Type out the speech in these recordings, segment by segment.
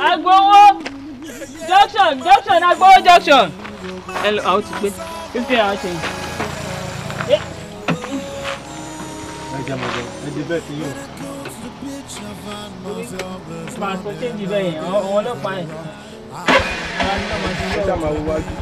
agbowó junction junction agbowó junction ẹ lọ àwọn ti gbé fífi àwọn ṣe yìí. ẹ jẹ́ mọ̀jọ́ ẹ di bẹ́ẹ̀ sí yóò. máa sọ ṣé ń di bẹ́ẹ̀ yẹn àwọn ọlọ́pàá yẹn. ẹ jẹ́ máa wájú.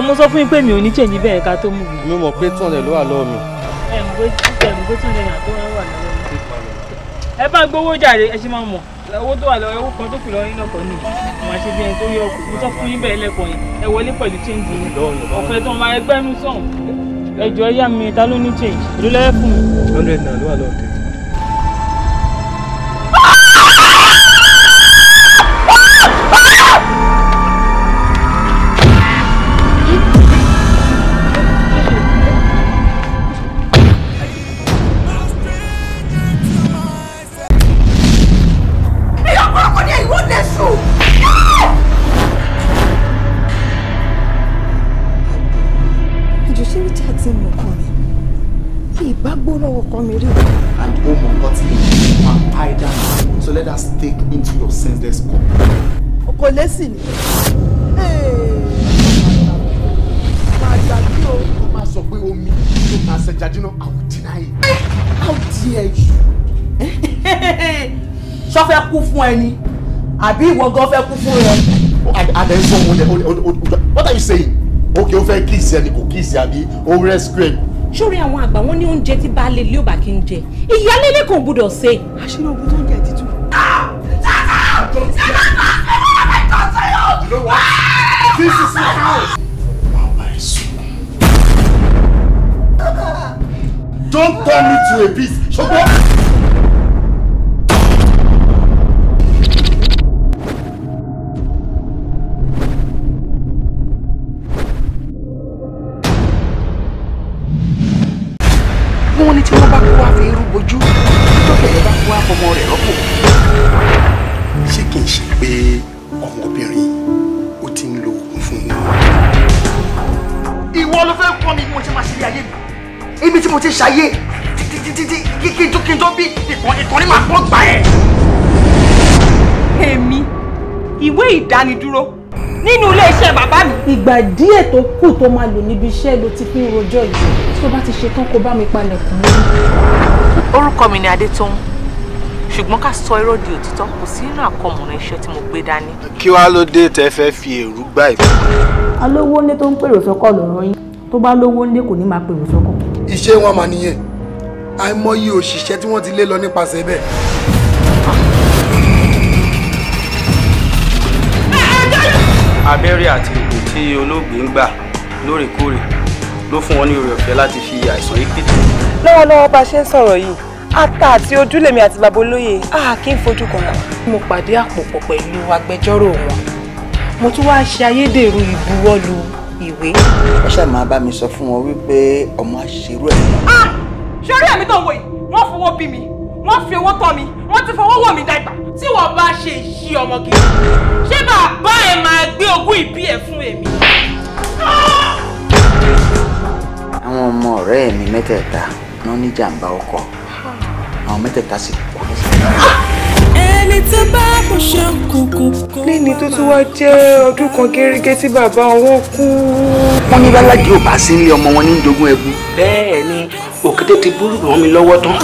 o mo sọ fún yín pé mi ò ní change bẹ́ẹ̀ ká tó mú mi. mi mọ̀ pé two hundred ló wà lọ́wọ́ mi. ẹ ń gbé ẹ ń gbé two hundred àti wà lọ́wọ́ mi. ẹ bá gbowó jàre ẹ ṣe máa mọ̀ owó tó wà lọ́wọ́ owó kan tó kù lọ́wọ́ yín náà kàn ní màá ṣe bí ẹni tó yọ ọkọ̀ mo sọ fún yín bẹ́ẹ̀ lẹ́kọ̀ọ́ yẹn ẹ wọlé pẹ̀lú change yín ọ̀fẹ́ tó máa ẹgbẹ́ nù sàn ẹjọ́ ẹ yá mi ta ló ní change èló fún mi. hundred naira ló wà lọ́wọ́ mi. sì ni. máa ṣàbí o. ó máa sọ pé omi ló máa ṣẹja jóná I will deny it. Eh, how dare you? sọ fẹ́ kú fún ẹni àbí ìwọ gan fẹ́ kú fún rẹ. adé ń sọ wọn lẹ what are you saying? okay ó fẹ́ kíìsì ẹni kò kíìsì àbí ó rescue ẹni. sórí àwọn àgbà wọn ní oúnjẹ tí baálé ilé ò bá kí ń jẹ ìyáálé ilé kò gbúdọ̀ ṣe. àṣírí ògbó two a piece ṣùgbọ́n tó bí ìkànnì máa kọ́ gbà ẹ̀. èmi ìwé ìdánidúró nínú iléeṣẹ́ bàbá mi. ìgbà díẹ̀ tó kù tó máa lò níbi iṣẹ́ ló ti fi ń rojọ́ yìí tó bá ti ṣetán kó bá mi palẹ̀kùn lórí. orúkọ mi ni adétọ́hún ṣùgbọ́n ká sọ irọ́ di òtítọ́ kò sí inú àkọmọ̀nà iṣẹ́ tí mo gbé dání. kí wàá ló dé tẹ fẹ́ fi èrú gbà ìbò. alówó ní tó ń pèrò sọ́kọ̀ lọ́rọ̀ yín tó bá lówó ní kò ní máa pèrò sọ́kọ̀. iṣẹ́ wọn máa nìyẹn àìmọye òṣìṣẹ́ tí wọ́n ti lé lọ nípasẹ̀ bẹ́ẹ̀. abẹ́rẹ́ àti ìpè tí olóògbé ń gbà lóòrèkóòrè ló fún wọn ní oore ọ̀fẹ́ láti fi àìsàn yìí pìtì. lọ́wọ́lọ́wọ́ bá a ṣe ń sọ̀rọ̀ yìí ata àti ojúlèmi àti babolóye a kì í fojú kan ra. mo pàdé àpòpọ̀ pẹ̀lú agbẹjọ́rò wọn mo tún wáá ṣe ayédèrú ìbuwọ́lù ìwé. ẹ ṣáà máa bá mi sọ fún wọn wípé ọmọ àṣírò ẹ̀. Ah! ṣé orí ẹ̀mí tó ń wò yìí wọ́n fowó bí mi wọ́n fi owó tọ́ mi wọ́n ti fowó wọ̀ mí dàgbà tí wọ́n bá ṣe ìṣí ọmọ gidi ṣé bàbá ẹ̀ máa gbé ogún ìbí ẹ̀ fún èmi. àwọn ọmọ ọ̀rẹ́ mi mẹ́tẹ̀ẹ̀ta ló ní jàǹbá ọkọ̀ àwọn mẹ́tẹ̀ẹ̀ta sì kú. ẹni tó bá kò ṣe kùkù. níní tó tún wá jẹ́ ọdún kan gẹ́gẹ́ tí bàbá wọn kú. wọ́n ní bálájì ò bá sí ilé ọmọ wọn ní jogún ẹbú òkété ti búrú mọ́ mi lọ́wọ́ tán.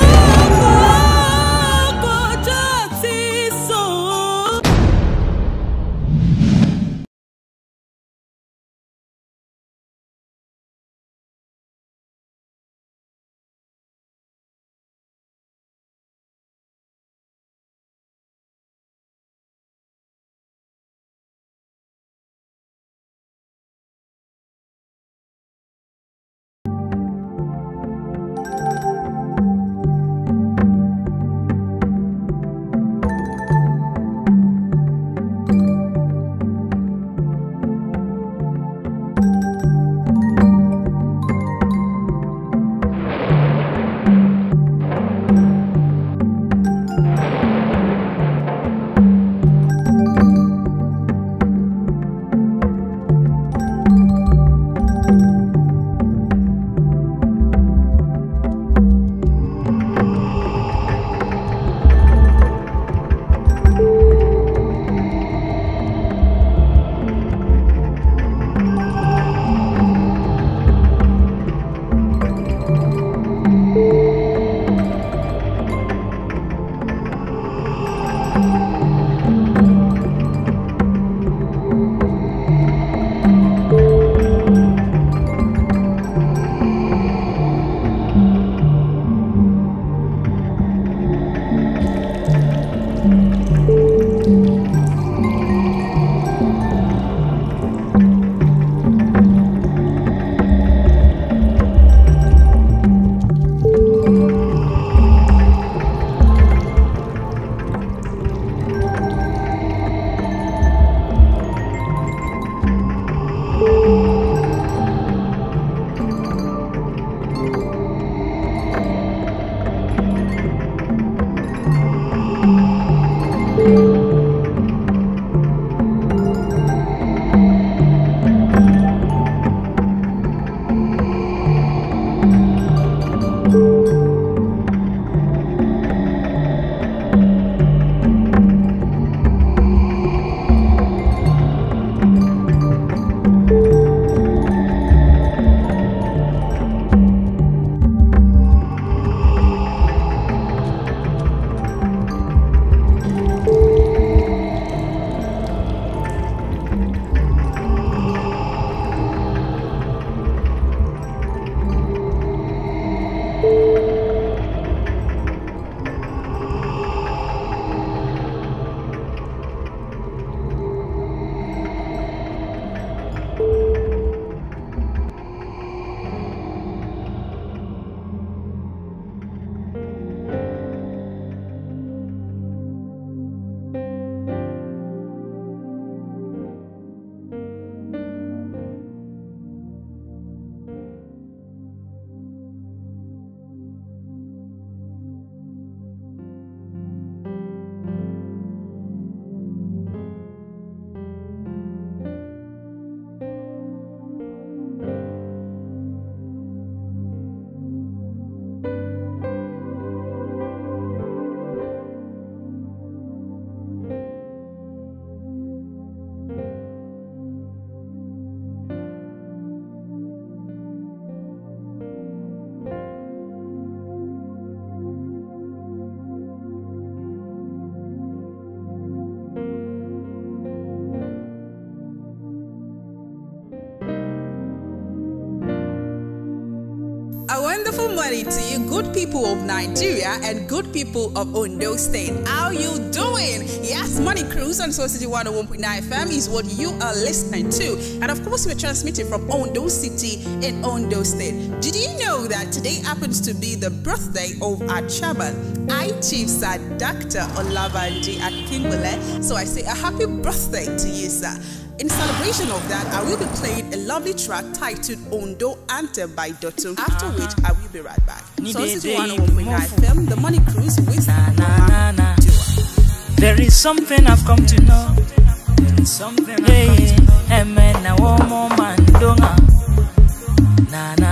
good people of Nigeria and good people of Ondo State. How you doing? Yes, Money Cruise on Soul City 101.9 FM is what you are listening to. And of course, we're transmitting from Ondo City in Ondo State. Did you know that today happens to be the birthday of our chairman, I Chief Sir Dr. Olavanji Akingbele? So I say a happy birthday to you, sir. In celebration of that, I will be playing a lovely track titled Ondo Anthem by Dotto, after which uh-huh. I will be right back. So this is one of my film, The Money Cruise with na, na, na, There is something I've come to know. something I've come to know. I want more man. Na na.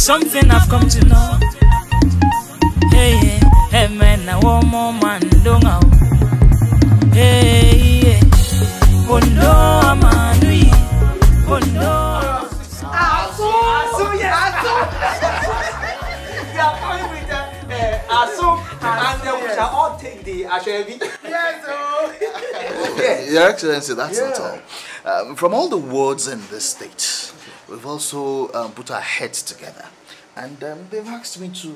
something I've come to know. Hey, hey, man, I want more man, don't know. Hey, hey, Bondo, Amanui, Bondo. Eh, and then eh, we shall all take the Ashwebi. Yes, oh. Your Excellency, that's yeah. not all. Um, from all the wards in this state, We've also um, put our heads together. And um, they've asked me to,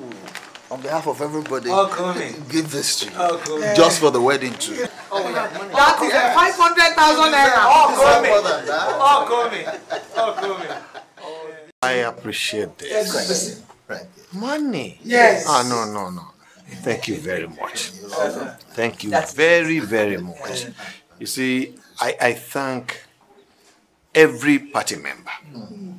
on behalf of everybody, oh, give this to you. Oh, just for the wedding, too. Oh, yeah. That is yes. 500,000 naira. All coming. All coming. All coming. I appreciate this. Yes. Right. Money? Yes. Ah, no, no, no. Thank you very much. Thank you very, very much. You see, I, I thank every party member. Mm.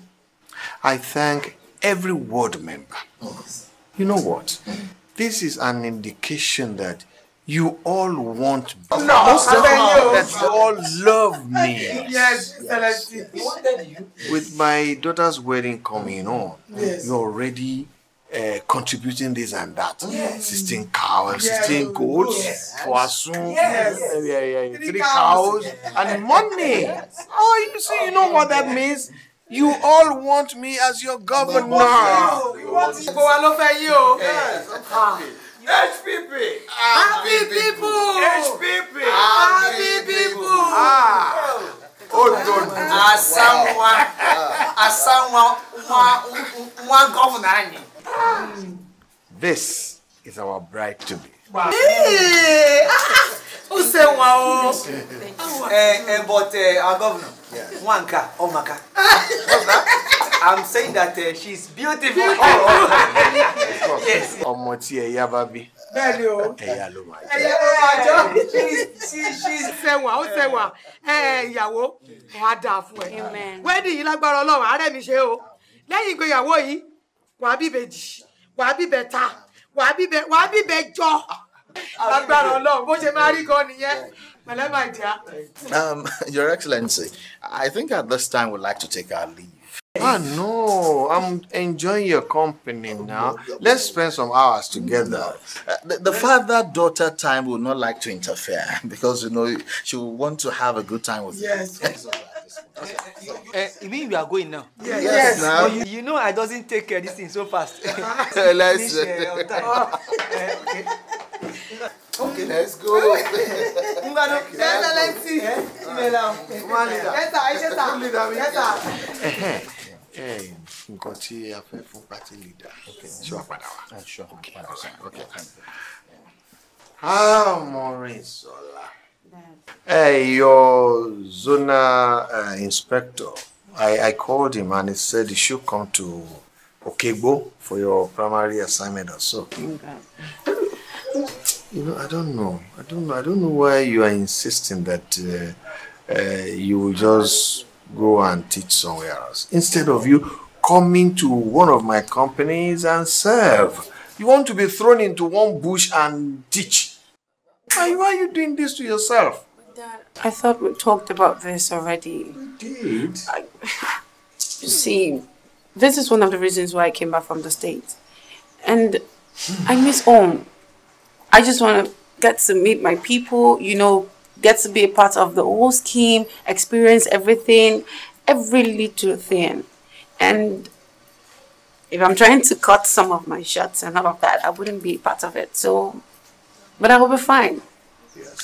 I thank every ward member. Mm. You know what? Mm. This is an indication that you all want no, most of you. that you all love me. yes, yes, yes. With my daughter's wedding coming on, yes. you're already uh, contributing this and that. Yes. 16 cows, yes. 16 goats, yes. poisson, yes. yes. yeah, yeah, yeah. three, three cows, cows and money. Yes. Oh, you see, you know what that means? You all want me as your governor. We want you. Yes, HPP. Happy people. HPP. Happy people. Ah. Ododo. Oh, Asanwa. Asanwa. Nwa gọvanọ anyị. This is our bride to be. Wow. Hey, who said wow? Eh, but uh, our governor, yeah. Wanka, Omaka. What's that? I'm saying that uh, eh, she's beautiful. beautiful. Oh, oh. oh. yes. Ọmọ tí ẹ yá bá bí. Bẹ́ẹ̀ni o. Ẹ̀yà ló máa she Ẹ̀yà ló máa jọ. Eh, she's sẹ́wà, ó sẹ́wà. Ìyàwó, wàá dáa fún ẹ. Wẹ́ẹ̀dì yìí lágbára Ọlọ́run, àárẹ̀ mi ṣe o. Lẹ́yìn ìgbéyàwó yìí, wàá bíbejì wàá bíbẹ̀ta wàá bíbẹ̀ wàá bíbẹ̀jọ agbára Ọlọ́run bó ṣe máa rí gan nìyẹn Um, Your Excellency, I think at this time we'd like to take our leave. Ah no, I'm enjoying your company oh, now. Let's spend some hours together. Uh, the, the father-daughter time would not like to interfere because you know she would want to have a good time with yes. you. Yes. Uh, you mean we are going now? Yes. yes. now. you, you know I doesn't take uh, this thing so fast. let's Finish, uh, uh, okay. let's go. Ngwano, let's let's see. Eh, email Yes sir, yes sir. Yes sir. Eh, nǹkan tí a fẹ́ fún party leader. Okay, sure, padà Okay. Ṣé wàá padà ah, Okay. Amọ̀rin ah, sọ̀la. Hey, your zona uh, inspector, I, I called him and he said he should come to Okegbo for your primary assignment or so. You know, I don't know. I don't know. I don't know why you are insisting that uh, uh, you will just go and teach somewhere else instead of you coming to one of my companies and serve. You want to be thrown into one bush and teach. Why, why are you doing this to yourself? Dad, I thought we talked about this already. We did. I, see, this is one of the reasons why I came back from the States. And I miss home. I just want to get to meet my people, you know, get to be a part of the whole scheme, experience everything, every little thing. And if I'm trying to cut some of my shirts and all of that, I wouldn't be part of it. So but I will be fine.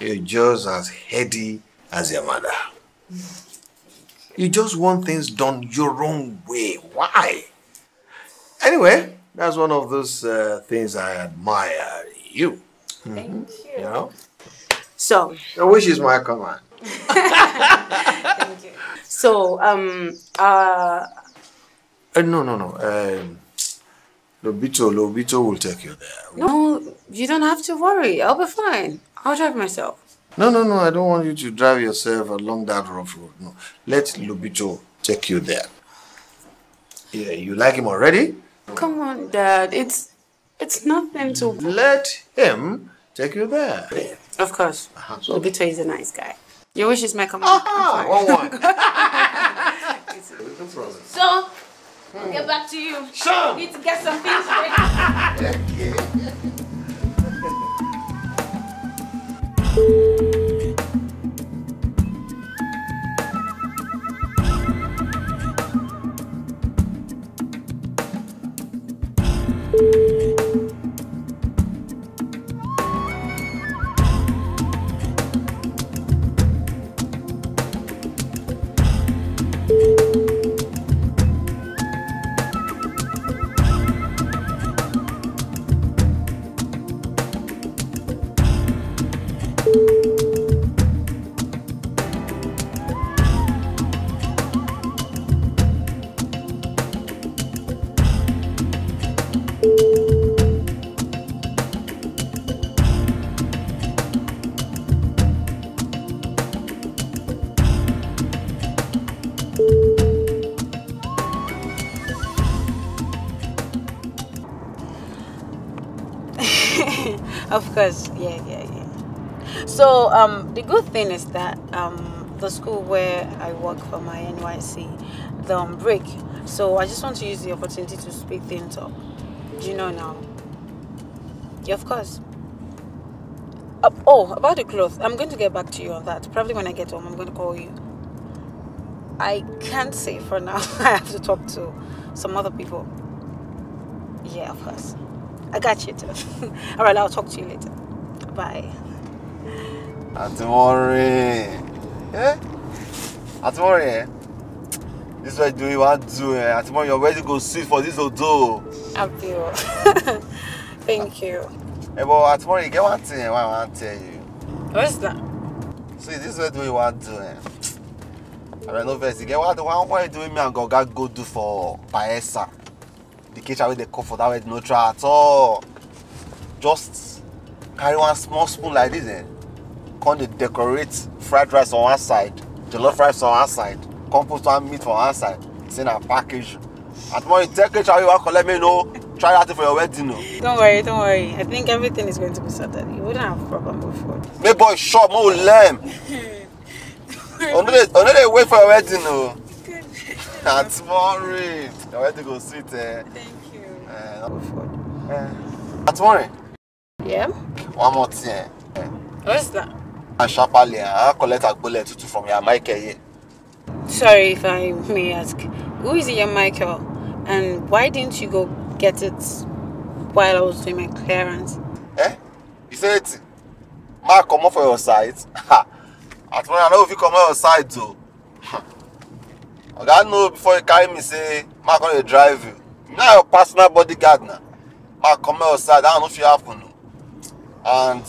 You're just as heady as your mother. You just want things done your own way. Why? Anyway, that's one of those uh, things I admire you. Thank mm -hmm. you. You know? So. Your wish is my command. Thank you. So, um, uh, uh no, no, no. Um, Lobito, Lobito will take you there. No, you don't have to worry. I'll be fine. I'll drive myself. No, no, no. I don't want you to drive yourself along that rough road. No. Let Lobito take you there. Yeah, you like him already? Come on, Dad. It's it's nothing to... Let him take you there. Of course. Uh -huh. So Lobito is a nice guy. Your wish is my command. Ah, one, one. So... I'll hmm. get back to you. Sean! We need to get some things ready. Thank you. of course, yeah, yeah, yeah. So um, the good thing is that um, the school where I work for my NYC, the um, break. So I just want to use the opportunity to speak things up. Do you know now? Yeah, of course. Uh, oh, about the clothes. I'm going to get back to you on that. Probably when I get home, I'm going to call you. I can't say for now. I have to talk to some other people. Yeah, of course. I got you too. All right, I'll talk to you later. Bye. Àti wọ́n rìn. Àti wọ́n rìn. This way do you want to do it. Àti wọ́n you're ready to go sit for this odo. Àbí o. Thank you. Hey, eh, but àti wọ́n rìn get one thing eh? I want to tell you. What's that? See, this way do you want to do it. Eh? I don't know if you get one thing I want to do me and go go do for Paesa the kitchen with the cup for that wedding no try at all just carry one small spoon like this eh come dey decorate fried rice on one side jollof rice on one side come put one meat for one side say na package At tomorrow you tell kitchen wey you wan collect make you no try that thing for your wedding o. No? don't worry don't worry i think everything is going to be sorted you wouldn't have problem before. make boy sure mo learn. una dey wait for your wedding o. No? That's worried. You're ready to go sit there. Eh? Thank you. Uh, eh, uh, eh, that's worried. Yeah. One more thing. Uh, What's that? I ah, sharply I collect a bullet tutu from your Michael Sorry if I may ask. Who is your Michael? And why didn't you go get it while I was doing my clearance? Eh? You said, Mark come off for your side. Ha! At I know if you come off your side, though oga know before you carry me say ma come dey drive you you na your personal bodyguard na ma come outside that one no fit happen o and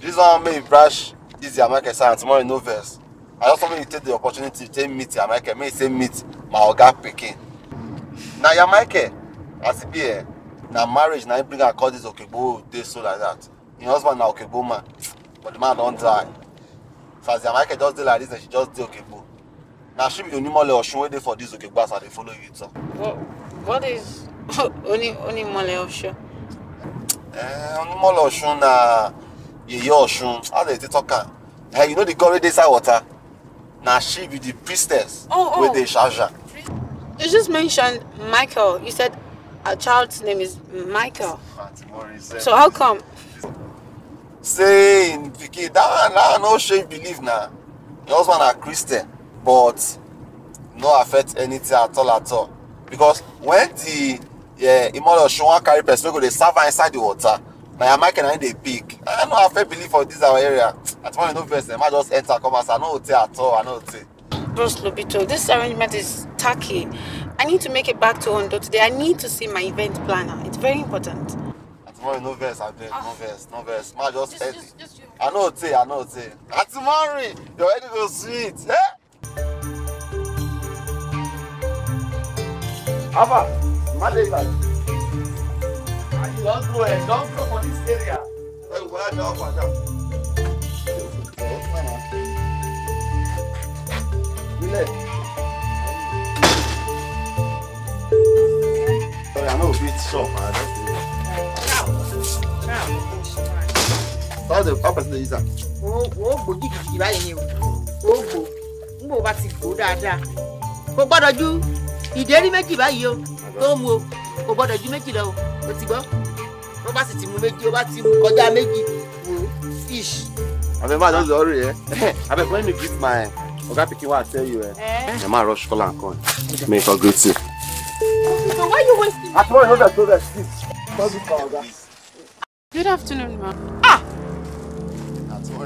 this one make you brash this their market sign tomorrow no vex i just want make you take the opportunity take meet your market make you say meet my oga pikin na your market as e be eh na marriage na him bring her call this okigbo dey so like that him husband na okigbo man but the man don die so as their market just dey like this then she just dey okigbo na she be onimole osun wey dey for dis okegbas i dey follow you talk. what what is oni onimole osun. Eh, onimole osun na yeye osun how dem take talk am hey, eh, you know the girl wey dey inside water na she be the priestess oh, oh. wey dey sharjah. you just mentioned michael you said a child's name is michael eh. so how come. say im pikin dat one na no shame believe na your husband na christian but no affect anything at all at all because when the yeah, Imola Osun wan carry person wey go dey serve am inside the water na your mic na him dey pick i no affect belief for this our area at one point no vex dem i just enter come outside i no hotel at all i no hotel. Bruce Lobito, this arrangement is tacky. I need to make it back to Ondo today. I need to see my event planner. It's very important. Tomorrow, no verse, I beg, no ah. verse, no verse. Ma, just, just, just, I know it, I know it. Atimori, your head is so sweet. Eh? Abba, Maleva. And you don't go and don't go for this area. Then go and knock on them. Sorry, I know a bit soft. I don't know. All the purpose of the user. Wọ́n gbò jìgìjìgì báyìí ni o. Wọ́n gbò. N bò bá ti gbò dáadáa. Kò gbọ́dọ̀ ju ìdérí méjì báyìí o tó mu o kò gbọdọ̀ ju méjì lọ o o ti gbọ́ bó bá sì ti mu méjì o bá ti mu kọjá méjì wò fish. abeg ma don worry eh abeg when you greet my oga pikin wey tell you eh ma rush call am come make her greet you. so why you wasting. at one hundred dollars please. good afternoon ma. ah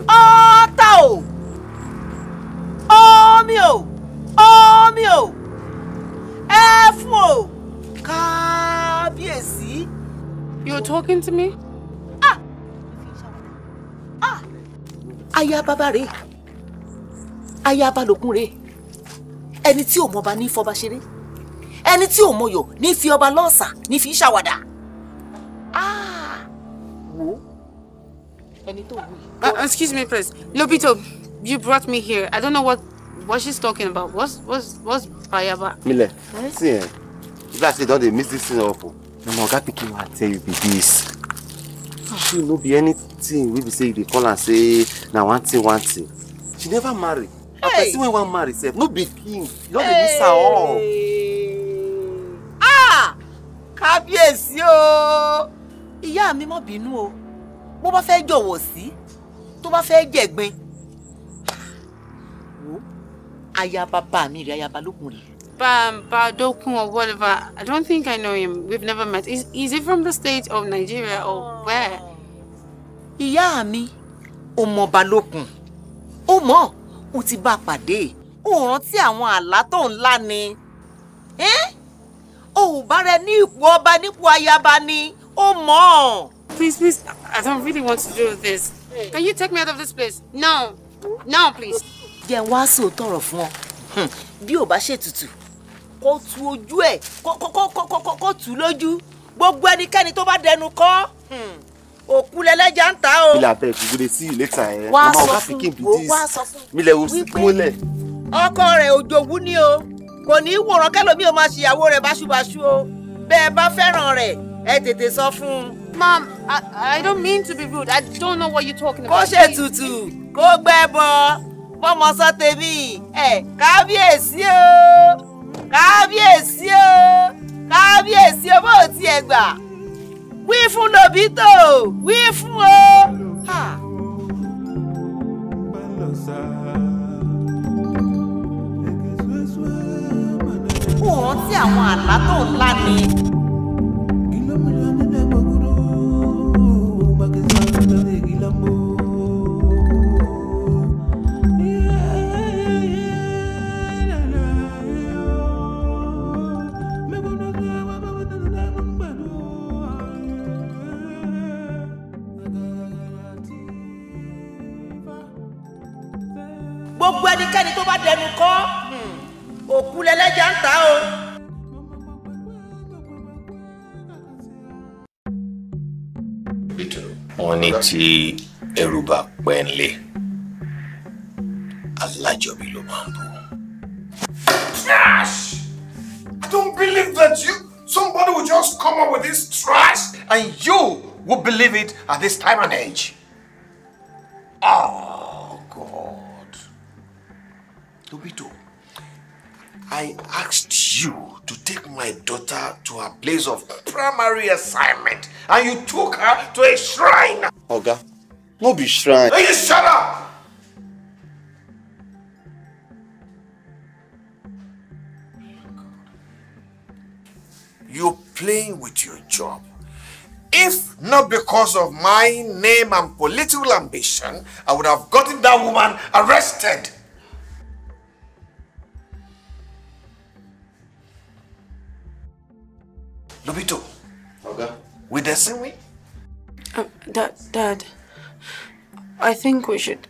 ọ̀ọ́ta o ọ̀ọ́mi o ọ̀ọ́mi o ẹ fún o kábíyèsí. you're talking to me. ah ah aya bàbá rẹ̀ aya balógun rẹ̀ ẹni tí ò mọba ní fọba ṣeré ẹni tí ò mọyọ ní fi ọba lọ́ọ̀sà ní fi ṣàwàdà. ah wo ẹni tó wù uh, excuse me please lobito you brought me here i don't know what what she's talking about what's what's what's bayaba. Mile, eh? see if I say don't they miss this thing up No more my picking. pikin wa tell you be this. She no be anything We be say they call and say now one thing one thing. She never marry. Na hey. person wey wan marry sef no be king, you don miss mix her up. Ah! Kábíyèsí yo. Ìyá mi mọ̀ bínú o, bó bá fẹ́ jọ̀wọ́ sí, tó bá fẹ́ jẹ̀gbin ayaba bá mi rí ayaba lókun rí. Ba Badokun or whatever. I don't think I know him. We've never met. Is, is he from the state of Nigeria or oh. where? Ìyá mi, ó mọ Balókun. Ó mọ̀, ó ti bá a pàdé. Ó rántí àwọn àlá tó ńlá ni. Eh? Ó bá rẹ̀ ní ipò ọba nípò ayaba ni. Ó mọ̀. Please, please, I don't really want to do this. Can you take me out of this place? No. No, please jẹ́ wá sòótọ́ ọ̀rọ̀ fún ọ hmm, bí ò bá ṣètùtù kó tu ojú ẹ̀ kó tù lójú gbogbo ẹnikẹ́ni tó bá dẹnu kọ́ hmm, òkú lẹlẹ́jà ń ta o. ilé abẹ́ ìdúgbòde sí ìlẹ́ta yẹn wá sọ fún wo wá sọ fún mílẹ̀ òsì ọkọ rẹ̀ òjòwú ni o kò ní í wòran kẹlòmí o máa ṣìyàwó rẹ̀ báṣubàṣu o bẹ́ẹ̀ bá fẹ́ràn rẹ̀ ẹ tètè sọ fún un. Mom, I, I don't mean to be rude. I don't know what you're talking about. kó ṣètùtù kó gbẹ́ bọ́ fọmọ sọ tèmi ẹ kábíyèsí o kábíyèsí o kábíyèsí o bó o tiẹ̀ gbà wí fún lobito wí fún o. kò rántí àwọn àlá tó ńlá ni. dẹnu kọ́ òkú lẹ́lẹ́jà ń ta o. wọ́n ní tí ẹrù bá pẹ́ ń lé alájọbí ló máa ń bọ̀. trash i don't believe that you somebody will just come up with this trash and you will believe it at this time and age. Oh. Tobito, I asked you to take my daughter to her place of primary assignment and you took her to a shrine. Oga, no be shrine. Hey, you shut up! You're playing with your job. If not because of my name and political ambition, I would have gotten that woman arrested. Lobito. Okay. We dancing we? Um, dad, dad, I think we should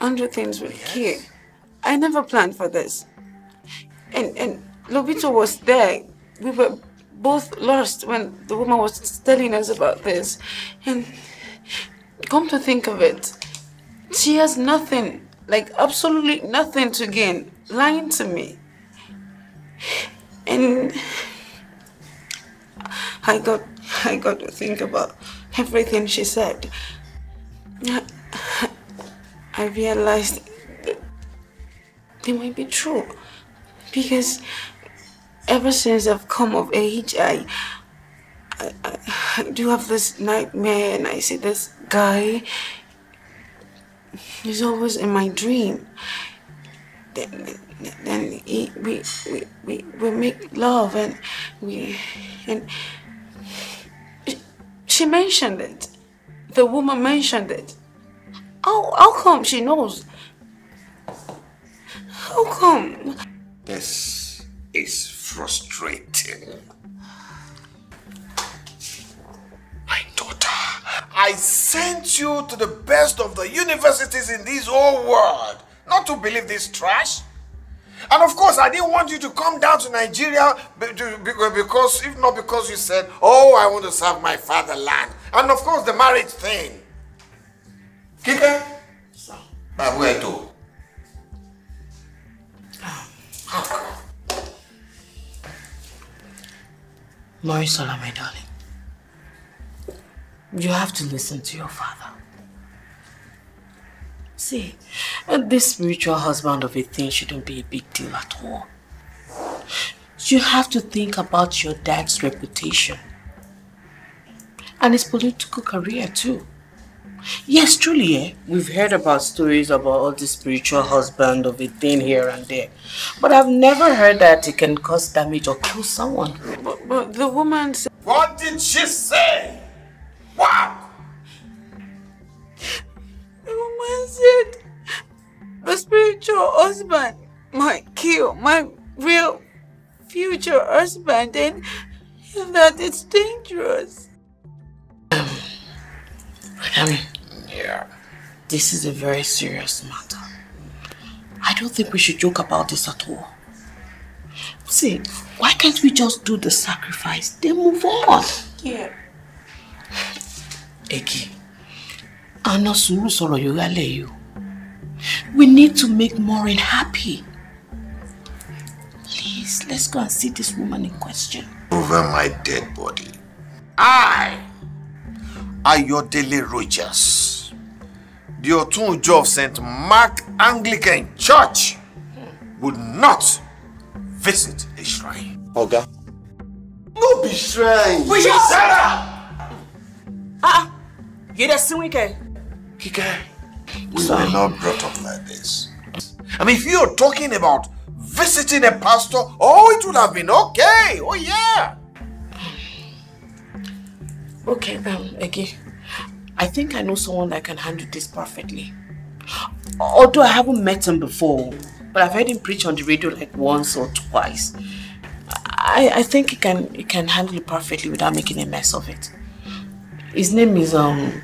undo things with yes. I never planned for this. And and Lobito was there. We were both lost when the woman was telling us about this. And come to think of it, she has nothing, like absolutely nothing to gain lying to me. And I got, I got to think about everything she said. I, realized they might be true because ever since I've come of age, I, I, I, I do have this nightmare and I see this guy. He's always in my dream. Then, then he, we, we, we, we make love and we, and she mentioned it. The woman mentioned it. How, how come she knows? How come? This is frustrating. My daughter, I sent you to the best of the universities in this whole world, not to believe this trash. And of course, I didn't want you to come down to Nigeria because, if not because you said, oh, I want to serve my fatherland. And of course, the marriage thing. Kika? Sir. Babueto. Moisola, my darling. You have to listen to your father see, this spiritual husband of a thing shouldn't be a big deal at all. You have to think about your dad's reputation. And his political career too. Yes, truly, eh? We've heard about stories about all the spiritual husband of a thing here and there. But I've never heard that it can cause damage or kill someone. But, but the woman said... What did she say? Wow! man said the spiritual husband might kill my real future husband and that it's dangerous. Um, Madam, yeah. this is a very serious matter. I don't think we should joke about this at all. See, why can't we just do the sacrifice, then move on? Yeah. Eki, Àná sùúrù sọ̀rọ̀ Yorùbá lẹ̀ yìí o. We need to make Maureen happy. Please, let's go and see this woman in question. Over my dead body. I, Ayodele Rogers, the Otunjo of St. Mark Anglican Church, would not visit a shrine. Oga. No be shrine. We shall. Sarah! Ah, you're the same weekend. Kike, we were not brought up like this. I mean, if you're talking about visiting a pastor, oh, it would have been okay. Oh, yeah. Okay, um, Ege, I think I know someone that can handle this perfectly. Although I haven't met him before, but I've heard him preach on the radio like once or twice. I, I think he can he can handle it perfectly without making a mess of it. His name is um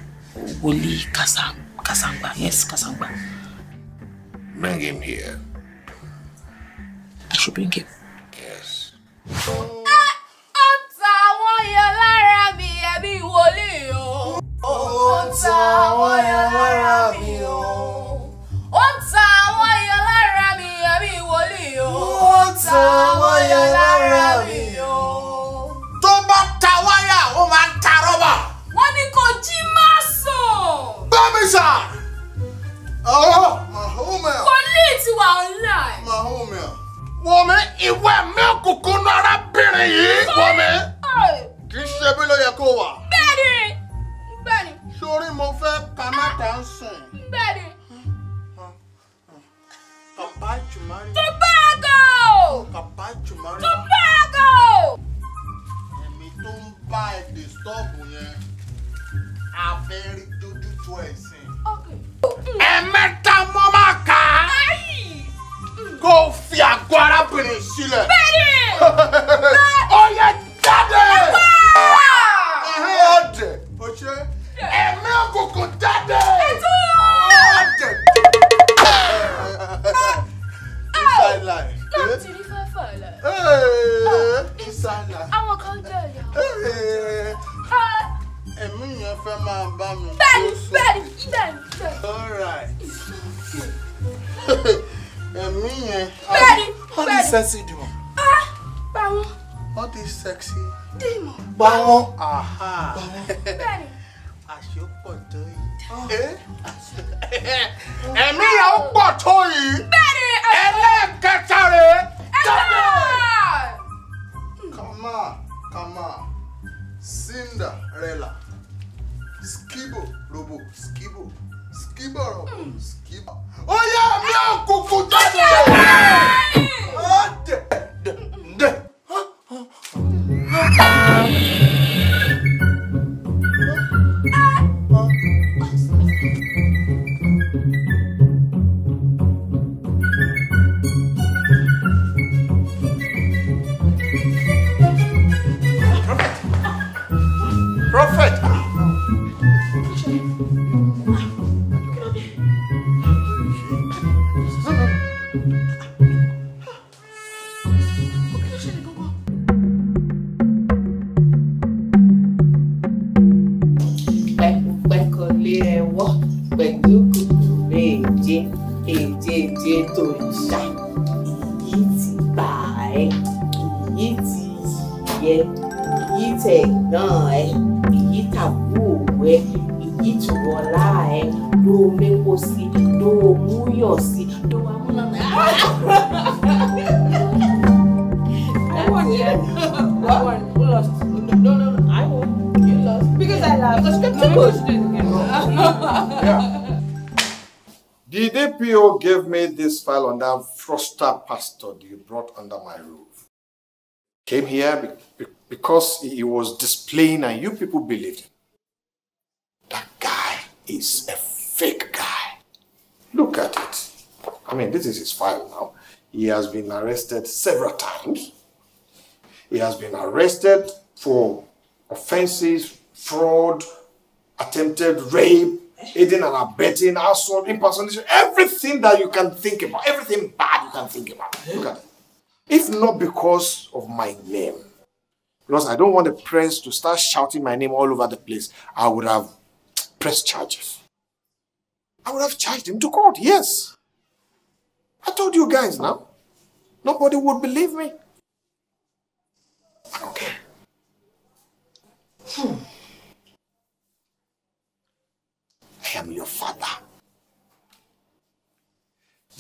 Woli Kasang, Kasangba. Yes, Kasangba. Bring him here. I should bring him. Yes. Eh, ó ìwé ẹ̀mí òkùnkùn nu arábìnrin yìí wọ́n kì í ṣe bí ló yẹ kó wà. bẹ́ẹ̀ni bẹ́ẹ̀ni. sórí mo fẹ́ kaná kan sọ. Yürü lan. you brought under my roof. Came here because he was displaying and you people believed him. That guy is a fake guy. Look at it. I mean, this is his file now. He has been arrested several times. He has been arrested for offenses, fraud, attempted rape, aiding and abetting, assault, impersonation, everything that you can think about, everything bad you can think about. Look at it. If not because of my name, because I don't want the press to start shouting my name all over the place, I would have pressed charges. I would have charged him to court, yes. I told you guys now. Nobody would believe me. I don't care. Hmm. I am your father.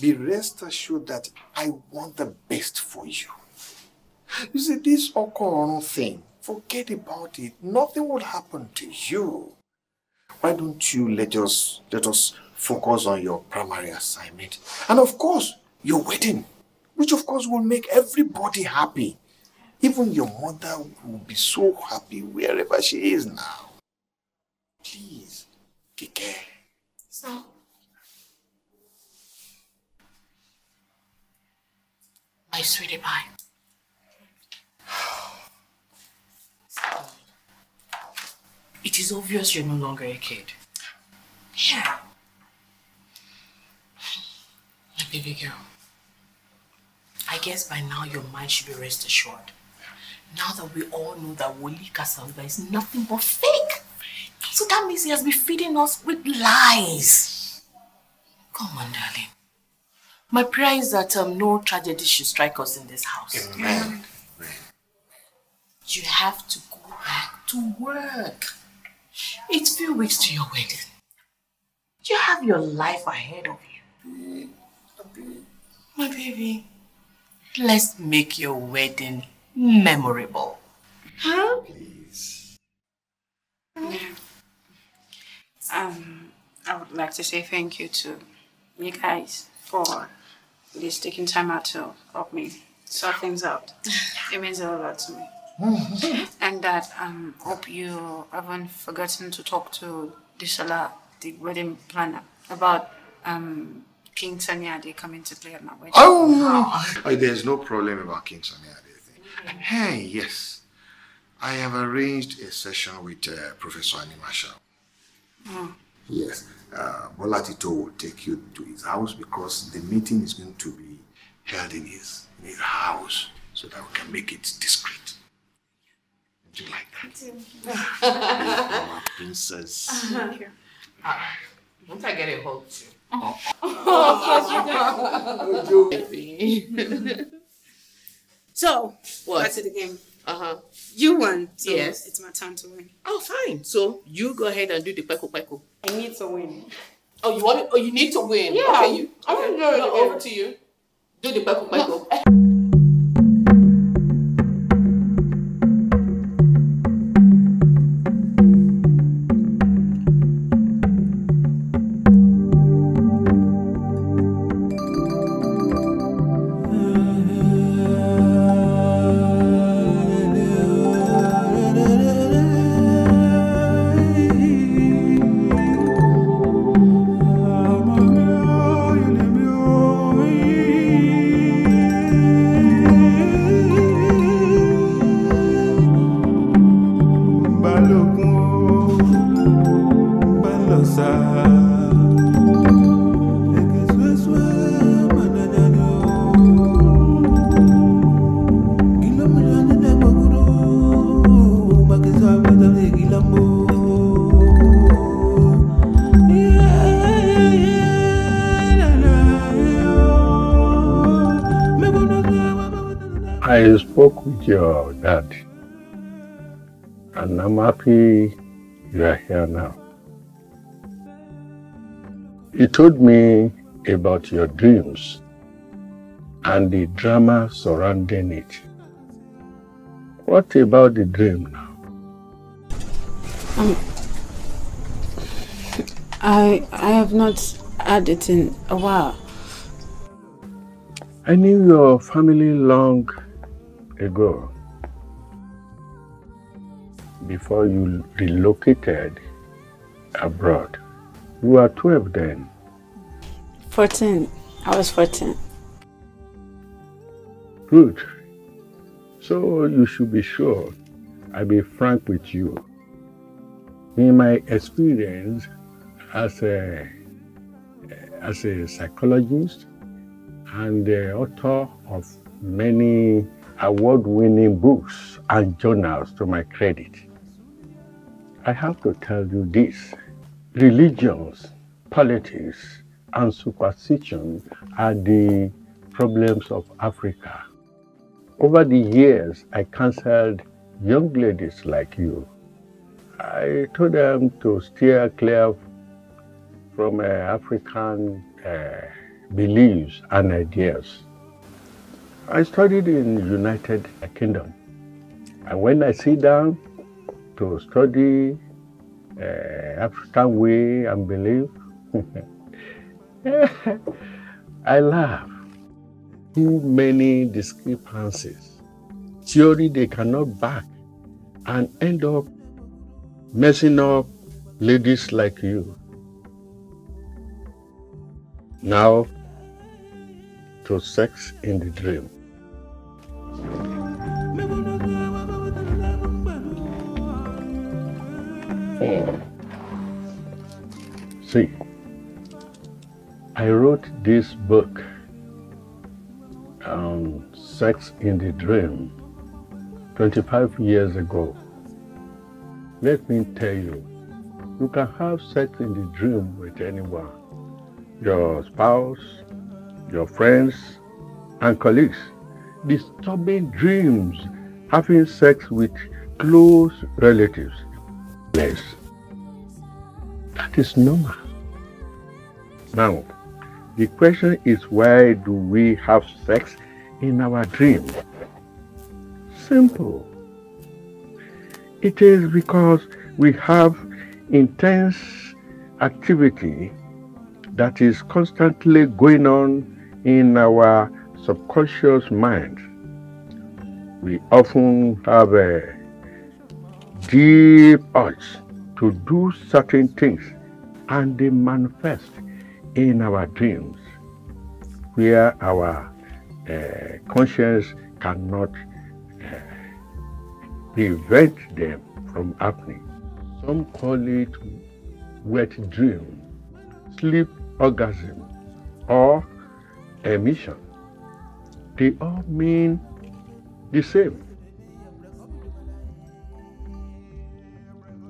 Be rest assured that I want the best for you. You see, this Okoron thing, forget about it. Nothing will happen to you. Why don't you let us, let us focus on your primary assignment? And of course, your wedding, which of course will make everybody happy. Even your mother will be so happy wherever she is now. Please kẹ̀kẹ́. My sweetie pie. It is obvious you're no longer a kid. Yeah. My baby girl. I guess by now your mind should be rest assured. Now that we all know that Woli Kasanga is nothing but fake. So that means he has been feeding us with lies. Come on, darling. My prayer is that um, no tragedy should strike us in this house. Amen. You have to go back to work. It's few weeks to your wedding. You have your life ahead of you. My baby, let's make your wedding memorable. Huh? Please. Mm. Um, I would like to say thank you to you guys for this taking time out to help me sort things out. It means a lot to me. and that um hope you haven't forgotten to talk to Dishala, the wedding planner, about um King Sanyade coming to play at my wedding. Oh, oh there's no problem about King Sanyade. Hey, yes. I have arranged a session with uh, Professor Animasha. Mm. Yes. Uh, will take you to his house because the meeting is going to be held in his, in his house so that we can make it discreet. Do you like that? princess. Uh, Thank you. I get a hooked. So Oh, oh, oh, uh huh. You won. So yes. It's my turn to win. Oh, fine. So you go ahead and do the peko peko. I need to win. Oh, you want? It? Oh, you need to win. Yeah. Okay, you. Okay. I'm gonna do it. Over to you. Do the peko peko. No. happy you are here now. You told me about your dreams and the drama surrounding it. What about the dream now? Um, I, I have not had it in a while. I knew your family long ago before you relocated abroad. You were 12 then. 14. I was 14. Good. So you should be sure. I'll be frank with you. In my experience as a, as a psychologist and the author of many award-winning books and journals to my credit, I have to tell you this. Religions, politics, and superstition are the problems of Africa. Over the years, I counseled young ladies like you. I told them to steer clear from uh, African uh, beliefs and ideas. I studied in United Kingdom. And when I sit down, to study uh, African way and belief. I laugh. Too many discrepancies, theory they cannot back, and end up messing up ladies like you. Now, to sex in the dream. See, I wrote this book, on Sex in the Dream, 25 years ago. Let me tell you, you can have sex in the dream with anyone your spouse, your friends, and colleagues. Disturbing dreams, having sex with close relatives darkness. That is normal. Now, the question is why do we have sex in our dream? Simple. It is because we have intense activity that is constantly going on in our subconscious mind. We often have a Deep urge to do certain things and they manifest in our dreams where our uh, conscience cannot uh, prevent them from happening. Some call it wet dream, sleep orgasm, or emission. They all mean the same.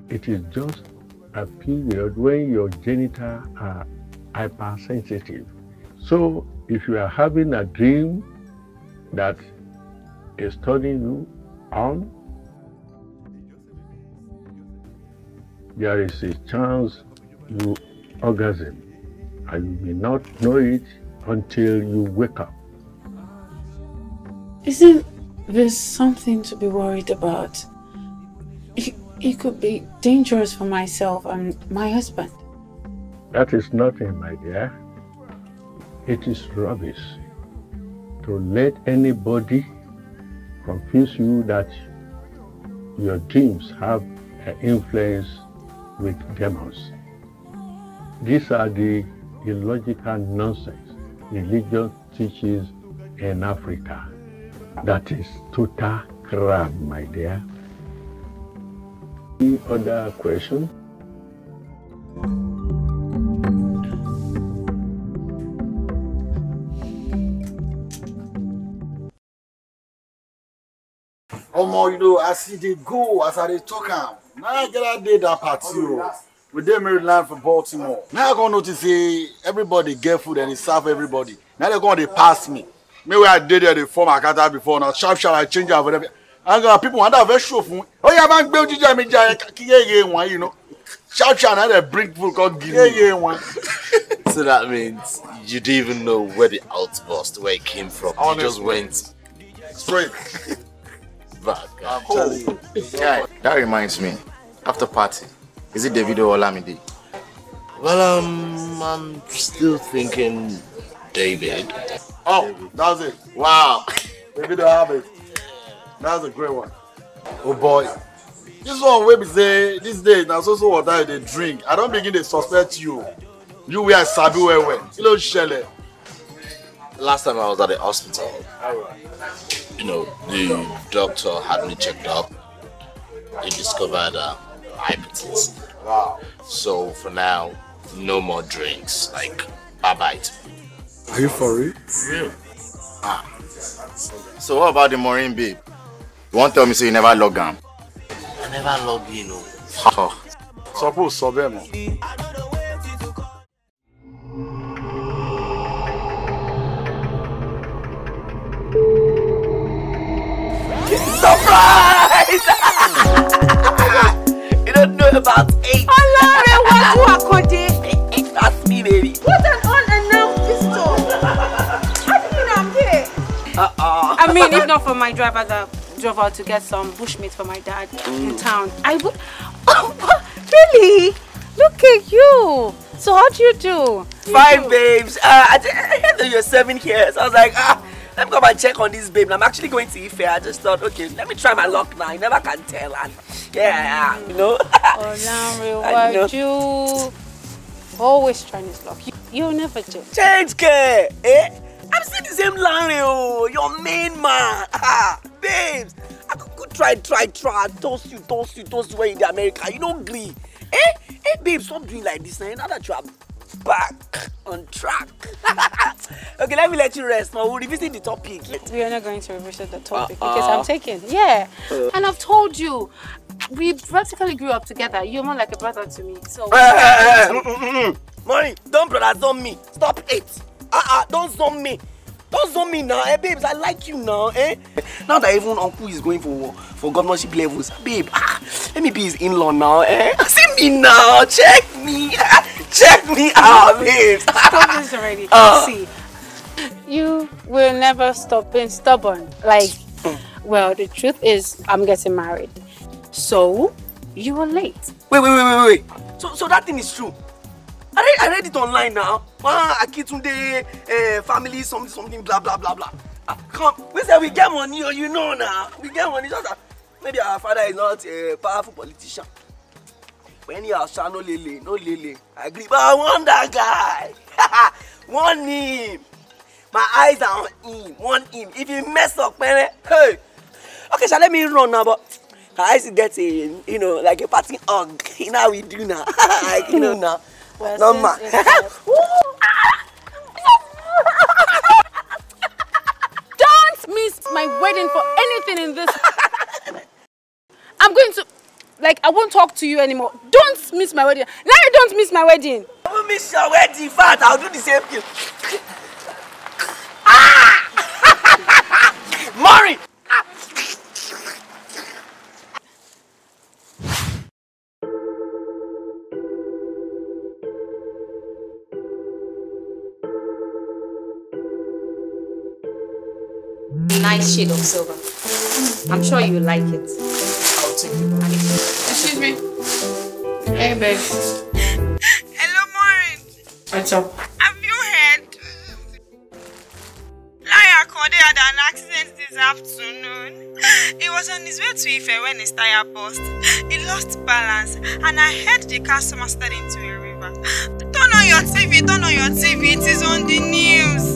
It is just a period when your genitals are hypersensitive. So if you are having a dream that is turning you on, there is a chance you orgasm and you may not know it until you wake up. Isn't there something to be worried about? It could be dangerous for myself and my husband. That is nothing, my dear. It is rubbish to let anybody convince you that your dreams have an influence with demons. These are the illogical nonsense religion teaches in Africa. That is total crap, my dear. Any other question? Omo, you know, as he did go, as I did talk him. Now I get a day that party o. Oh. We dey Maryland from Baltimore. Now I go notice say everybody get food and he serve everybody. Now they come they pass me. Maybe I did there the form I got akata before, Now sharp sharp I change am for everything. àwọn people wọn dàbẹ ṣò fún ó yà máa gbé jíjà mi jà kíyèyè wọn yìí nọ ṣáṣá náà dẹ bring food called guinea kíyèyè wọn. so that means you didn't even know where the outburst where it came from Honestly. you just went straight. bad guy. Oh. guy that reminds me after party is it Davido or Lamidi. well um, i'm still thinking david. oh that's it wow davido have it. That's a great one. Oh boy. This one will be say this day now. so so what I they drink. I don't begin to suspect you. You wear I sabi well well. Kí ló ṣẹlẹ̀? Last time I was at the hospital, you know, the doctor had me checked up. He discovered uh, hepatitis. Wow. So for now, no more drinks. Like, bye bye. Are you for real? Yeah. Ah. So what about the marine babe? You won't tell me say you never log am. I never log in oh. Oh. o. Oh. Suppose sọ bẹ́ẹ̀ mọ̀. Surprise! you don't know about eight. what Ọlọ́run wá kú àkọ́dé. That's me baby. What an unannounced visitor. How do you know I'm here? uh oh. I mean, if not for my driver, though drove out to get some bushmeat for my dad mm. in town. I would. Oh, really? Look at you. So how do you do? Fine, you babes. Uh, I, I heard that you're serving here, so I was like, ah, let me go and check on this babe. I'm actually going to Ife. I just thought, okay, let me try my luck now. You never can tell. And yeah, mm. you know. oh, Larry, why you always trying this luck? You, you never do. Change care, eh? I'm still the same Larry, eh, oh, your main man. Ah, babes, I could, could try, try, try, toss you, toss you, toss you in the America. You don't agree. Eh? Hey, eh, babe, stop doing like this now. Eh? Now that you are back on track. okay, let me let you rest. Now we'll revisit the topic. We are not going to revisit the topic uh -uh. because I'm taking. Yeah. Uh. And I've told you, we practically grew up together. You're more like a brother to me. So. Mm -mm -mm. mm. Money, don't brother, don't me. Stop it. Uh-uh, don't zone me. Don't zone me now, eh, babes. I like you now, eh? Now that even uncle is going for for governorship levels, babe, ah, let me be his in-law now, eh? See me now, check me, check me out, babes. Stop this already. Uh, See, you will never stop being stubborn. Like, well, the truth is, I'm getting married, so you were late. Wait, wait, wait, wait, wait. So, so that thing is true. I read, I read it online now. Ah, Akitunde uh, family something something blah blah blah blah. Ah, come, we say we get money oh, you know now. We get money just that maybe our father is not a powerful politician. When he has no lele, no lele. I agree, but I want that guy. want him. My eyes are on him. Want him. If he mess up, man, hey. Okay, shall let me run now, but I used to get a, you know, like a party hug. You know how we do now. like, you know now nọ́mà. Uh, don't miss my wedding for anything in this. I'm going to, like, I won't talk to you anymore. Don't miss my wedding. Now you don't miss my wedding. I will miss your wedding. In I'll do the same thing. ah! Murray! nice shade of silver. I'm sure you'll like it. I'll take it. Excuse me. Hey, babe. Hello, Maureen. What's up? Have you heard? Laya Konde had an accident this afternoon. He was on his way to Ife when his tire burst. He lost balance and I heard the car somersaulted into a river. Turn on your TV, turn on your TV, it is on the news.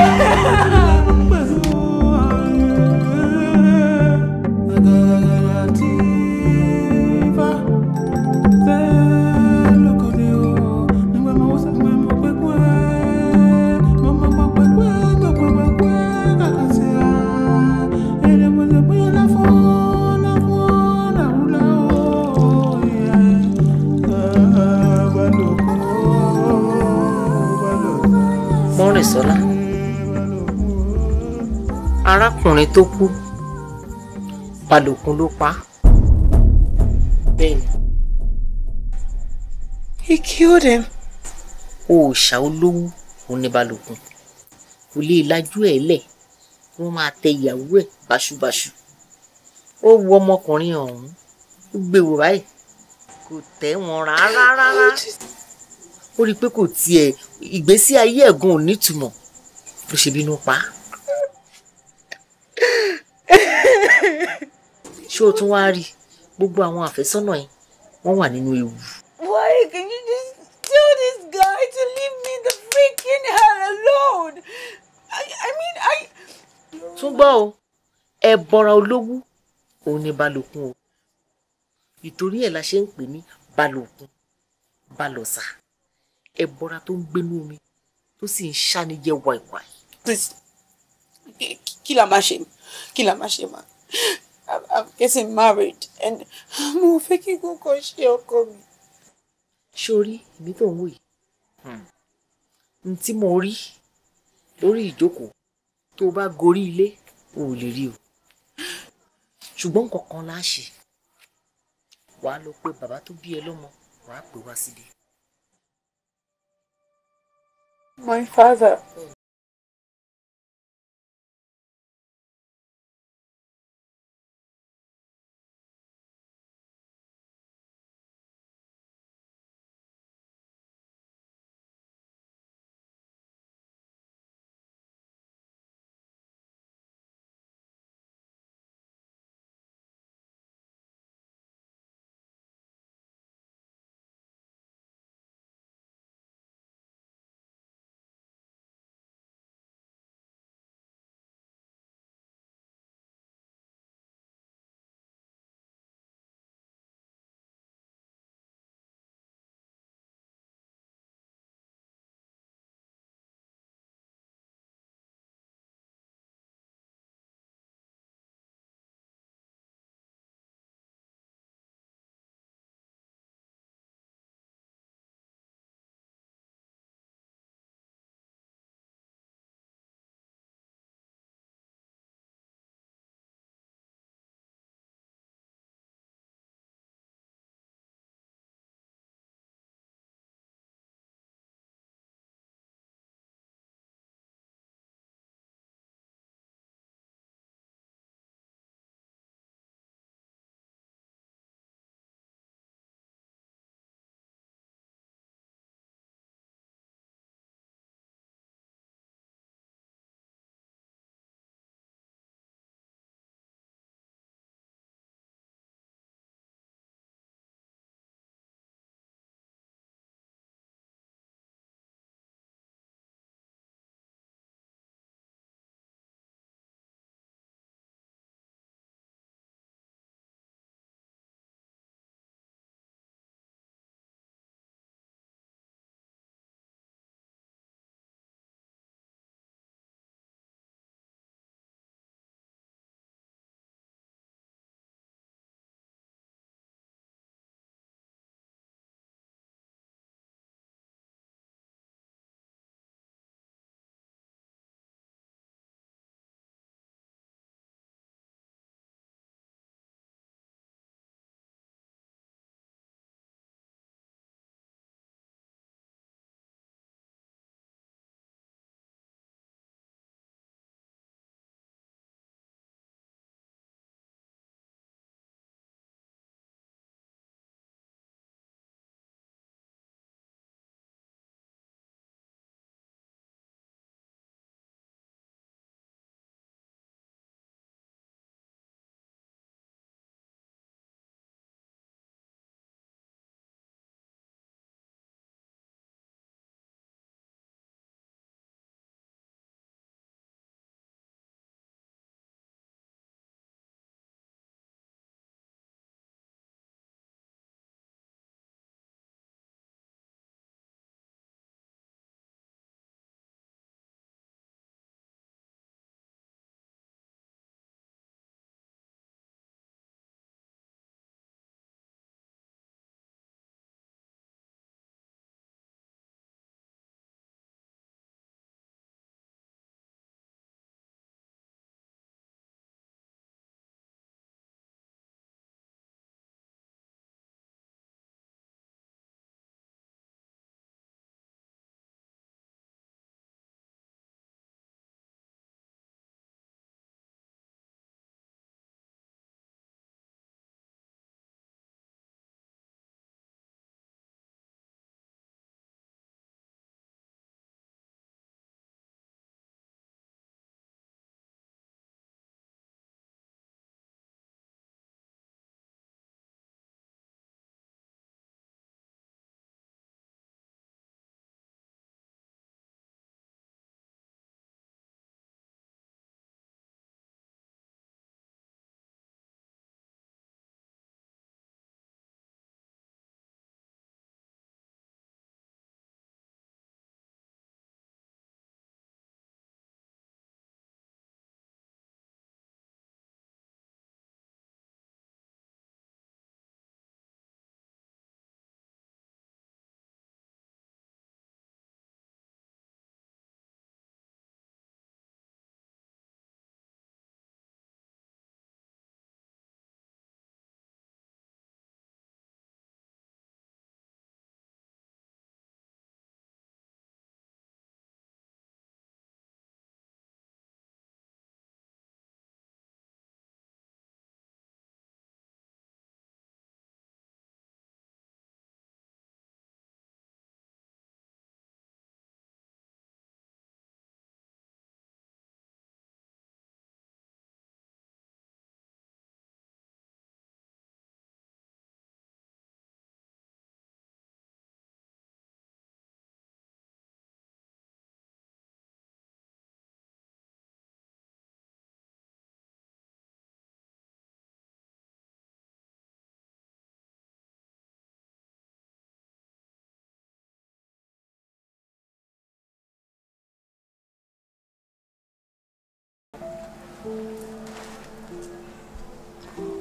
ọkùnrin tó kú balòkun ló pa á. bẹ́ẹ̀ni. he killed him. òòṣà olówó òun ni balòkun kò lè lajú ẹ̀ lẹ̀ wọ́n máa tẹ ìyàwó ẹ̀ báṣubàṣu. ó wu ọmọkùnrin ọ̀hún ó gbé wò báyìí kò tẹ́ wọn rárá rárá ó rí i pé kò tiẹ̀ ìgbésí ayé ẹ̀gùn ò nítumọ̀ ló ṣe bínú pa á. ṣé o tún wá rí gbogbo àwọn àfẹ́sọ́nà yẹn wọ́n wà nínú ewu. Why can you just tell this guy to leave me the freaking hell alone? I, I mean, I. tún gbọ́ o ẹ bọra òun ni balùkùn o ìtorí ẹ̀ la ṣe ń pè ní balùkùn balọ̀sà ẹ bọra tó ń gbénú omi tó sì ń ṣàníyẹ wàìwàì. please kí la máa ṣe kí la máa ṣe máa. I'm getting married and mo fẹ́ kí kankan ṣe ọkọ mi. sori èmi tó ń wò yìí hmm. n tí mo rí lórí ìjókòó tó o bá gorí ilé o ò lè rí o ṣùgbọ́n kankan la ṣe wàá lọ pé bàbá tó bí ẹ lọ́mọ wàá pè wá síbi. My father. Mm.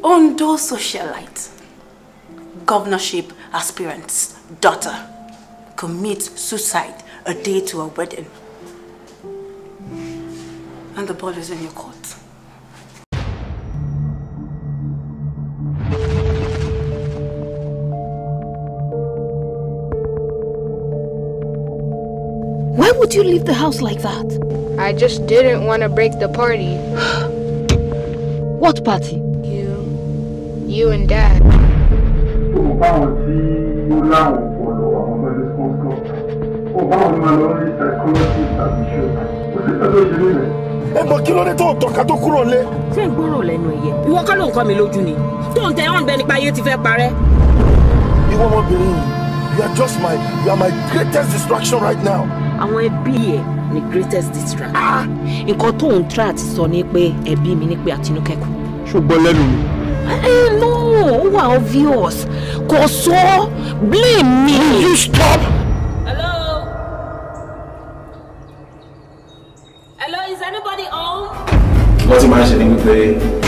Ondo socialite, governorship aspirant's daughter, commits suicide a day to her wedding. And the ball is in your court. Why would you leave the house like that? I just didn't want to break the party. what party? You. You and Dad. ẹ mọ kí ló dé tó tọ ká tó kúrò lé. ṣé ń gbọ́rọ̀ lẹ́nu ẹ̀yẹ. ìwọ kọ́ ló ń kọ́ mi lójú ni tó ń tẹ ọ́n bẹ́ẹ̀ nípa ayé ti fẹ́ parẹ́. ìwọ ọmọbìnrin yìí you are just my you are my greatest distraction right now. àwọn ẹbí ẹ ni greatest distraction. Ah! nǹkan tó ń tra àti sọ ni pé ẹbí mi ni pé Àtinúkẹ́ kú. ṣùgbọ́n lẹ́nu mi. Eh, eh, no ó wà obvious kò sọ blame me. will you stop. hello. hello is anybody home. wọ́n ti máa ń ṣe ní wípé.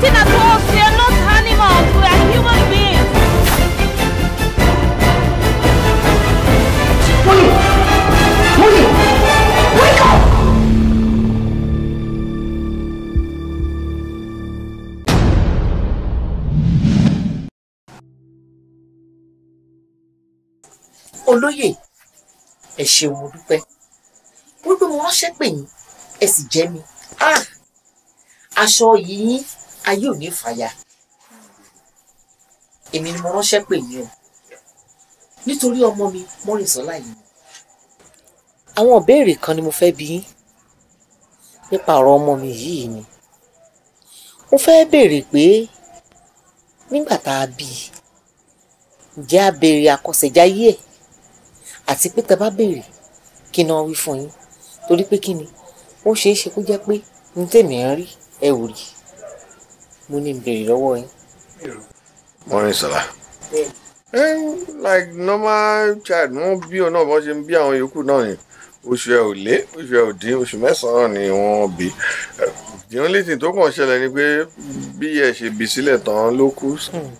nothing at all. We are not animals. We are human beings. Wait. Wait. Wake up! olóyè ẹ ṣeun mo dúpẹ́ wípé mo ránṣẹ́ pè yín ẹ sì jẹ́ mi ah! aṣọ yìí ayé ò ní fàyà èmi ni mo ránṣẹ́ pè yín o nítorí ọmọ mi Mọ́rìnsọ́lá yìí àwọn ìbéèrè kan ni mo fẹ́ bi yín nípa ọ̀rọ̀ ọmọ mi yìí ni mo fẹ́ béèrè pé nígbà tá a bí i ǹjẹ́ a béèrè àkọsẹ̀jáyé ẹ̀ àti pé tá a bá béèrè kí ni wọ́n wí fún yín torí pé kí ni ó ṣeé ṣe kó jẹ́ pé ní tèmi ń rí ẹ ò rí i mo ní bèrè lọ́wọ́ yín. morning sala. ẹ like normal child wọn bí ọ náà bó ṣe ń bí àwọn yòókù náà ni oṣù ẹ ò lé oṣù ẹ ò dín oṣù mẹ́sàn-án ni wọ́n bí ìdíwọ́n létí tó kàn ṣẹlẹ̀ ni pé bí ẹ ṣe bí sílẹ̀ tán ló kú. Hmm.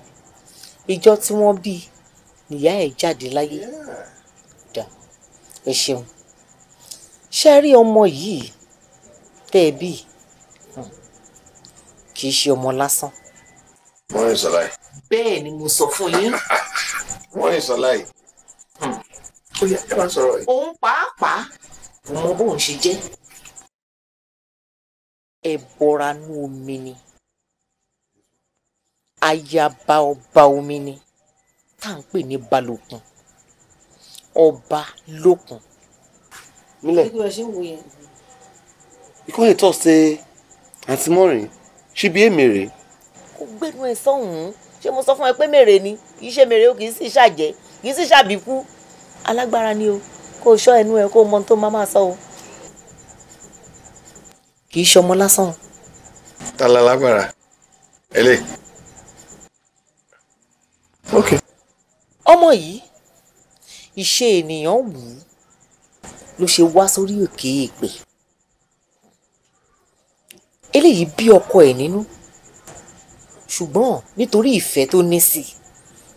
ìjọ tí wọ́n bí nìyá ẹ̀ jáde láyé dà ẹ ṣeun ṣe rí ọmọ yìí tẹ́ ẹ bíi kì í ṣe ọmọ lásán. wọ́n rìn sọ́láì. bẹ́ẹ̀ ni mo sọ fún yín. wọ́n rìn sọ́láì. ó yẹ kí wọ́n sọ̀rọ̀ yìí. òun pàápàá kò mọ bóun ṣe jẹ́. ẹ bọra nú omi ni ayaba ọba omi ni tá à ń pè ní balókun ọba lókun. mílẹ̀. bí ṣe ń ṣe bí èmèrè. kò gbẹnu ẹ sọhùnún ṣé mo sọ fún ẹ pé mèrè ni kì í ṣe mèrè o kì í sì ṣàjẹ kì í sì ṣàbíkú alágbára ni o kò ṣọ́ ẹnu ẹ kó mọ tó má má sọ o. kì í ṣọmọ lásán. ta la lágbára ẹlẹ. ok. ọmọ yìí ìṣe ènìyàn wù ú ló ṣe wá sórí òkè èpè eléyìí bí ọkọ ẹ̀ nínú ṣùgbọ́n nítorí ìfẹ́ tó ní sí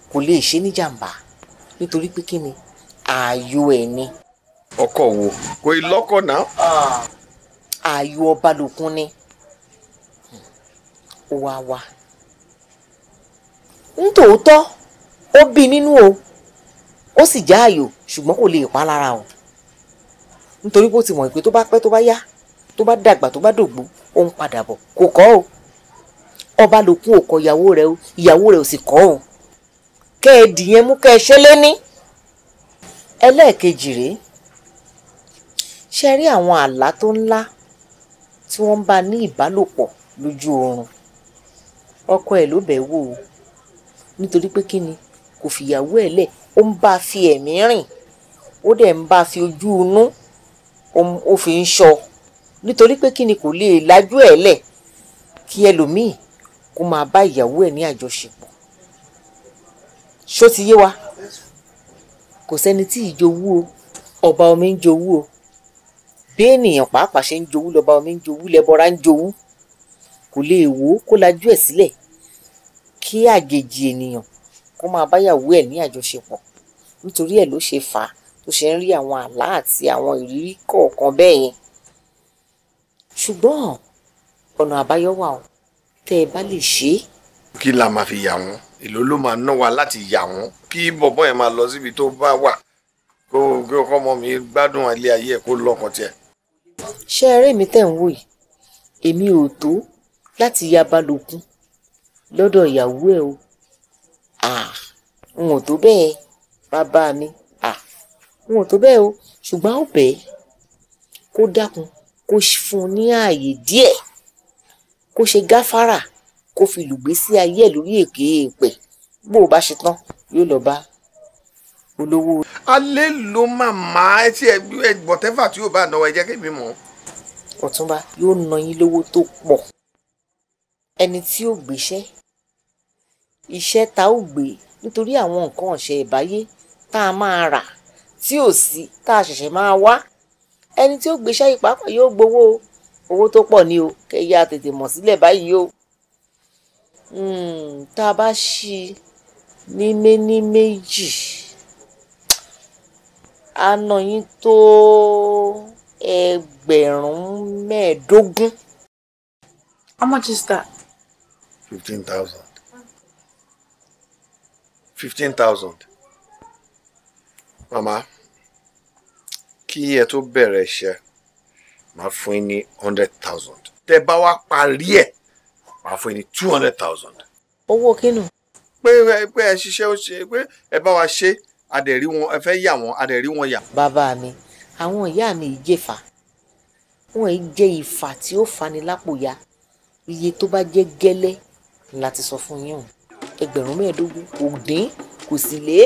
kò lè ṣe níjàmbá nítorí pé kí ni ààyò ẹ̀ ni. ọkọ wo kò í lọkọ náà. Ah, ààyò ọba lòkun ni ó wá wá nítòótọ́ ó bí nínú o ó sì já ààyò ṣùgbọ́n kò lè pa lára o nítorí bó ti mọ̀ pé tó bá pẹ́ tó bá yá tó bá dàgbà tó bá dògbó ó ń padà bọ̀ kò kọ́ o ọba lòkun ò kọ ìyàwó rẹ o ìyàwó rẹ ò sì kọ́ o kẹ́ ẹ dìyẹn mú kẹ́ ẹ ṣe lé ní. ẹlẹ́ẹ̀kejì rèé ṣe rí àwọn àlá tó ńlá tí wọ́n bá ní ìbálòpọ̀ lójú oorun ọkọ ẹ̀ ló bẹ̀ wò ó nítorí pé kí ni kò fìyàwó ẹ̀ lẹ̀ ó ń bá a fi ẹ̀mí rìn ó dẹ̀ ń bá a fi ojú inú ó fi ń ṣọ́ ọ nítorí pé kí ni kò lè lajú ẹ̀ lẹ̀ kí ẹlòmíì kó máa bá ìyàwó ẹ̀ ní àjọṣepọ̀ ṣó ti yé wa kò sẹ́ni tí ìjowú o ọba omi ń jowú o bí ènìyàn pàápàá ṣe ń jowú lọba omi ń jowú lẹ́bọra ń jowú kò lè wò ó kó lajú ẹ̀ sílẹ̀ kí àjèjì ènìyàn kó máa báyàwó ẹ̀ ní àjọṣepọ̀ nítorí ẹ̀ ló ṣe fà á tó ṣe ń rí àwọn àlá àti àwọn ìrírí kọ̀ọ̀kan bẹ́ẹ̀ yẹn ṣùgbọ́n ọ̀nà àbáyọ wà o tẹ́ ẹ bá lè ṣe é. kí la máa fi yà wọ́n èló ló máa ná wa láti yà wọ́n kí bọ̀bọ́ yẹn máa lọ síbi tó bá wà kó kí ọkọ ọmọ mi gbádùn ilé ayé ẹ̀ kó lọ́kàn tiẹ̀. ṣé eré mi tẹ̀ ń wò yìí èmi ò tó láti ya balógun lọ́dọ̀ ìyàwó ẹ̀ o n ò tó bẹ́ẹ̀ bàbá mi n ò tó bẹ́ẹ̀ o ṣùgbọ́n ó bẹ́ẹ̀ kó dákun kó fún un ní ààyè díẹ̀ kó ṣe gáfárà kó fi lùgbésí ayé ẹ̀ lórí èké èpè bó o bá ṣe tán yóò lọ bá olówó. alẹ́ ló màmá ẹ tí ẹ bọ̀tẹ́fà tí yóò bá náwó ẹ jẹ́ kí mi mọ̀. ọ̀túnba yóò ná yín lówó tó pọ̀ ẹni tí ó gbéṣẹ́ iṣẹ́ ta ó gbé nítorí àwọn nǹkan ọ̀sẹ̀ ìbáyé tá a máa rà tí ò sí tá a ṣẹ̀ṣẹ̀ máa wá ẹni tí ó gbéṣẹ́ yìí pàápàá yóò gbowó owó tó pọ̀ ni o kẹ́yà tètè mọ̀ sílẹ̀ báyìí o. Hmm, tá a bá ṣí i ní mé ní méjì á ná yín tó ẹgbẹ̀rún mẹ́ẹ̀ẹ́dógún. How much is that? Fifteen thousand. Fifteen thousand. Mama kí ẹ tó bẹ̀rẹ̀ iṣẹ́ máa fún yín ní hundred thousand tẹ bá wá parí ẹ̀ máa fún yín ní two hundred thousand. owó kínú. pé pé ẹ ṣiṣẹ́ ó ṣe pé ẹ bá wa ṣe adẹ̀rí wọn ẹ fẹ́ yà wọn adẹ̀rí wọn yà. bàbá mi àwọn ìyá mi ìjẹfà wọn ì jẹ ìfà tí ó fani lápò ya iye tó bá jẹ gẹ́lẹ́ láti sọ fún yín o ẹgbẹ̀rún mẹ́ẹ̀ẹ́dógún òdín kò sì lé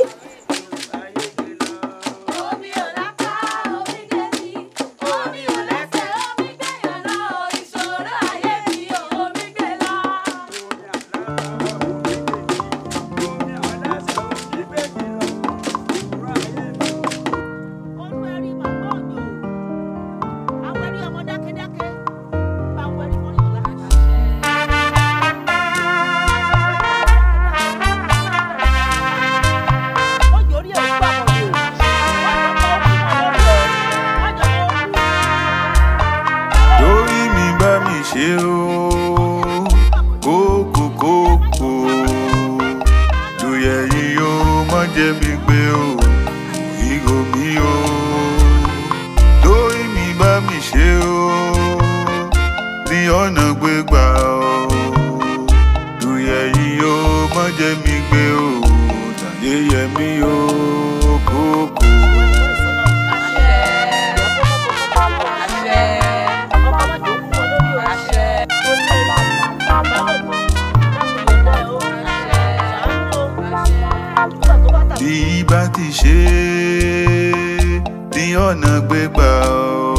tí bá ti ṣe é ní ọ̀nà gbégbá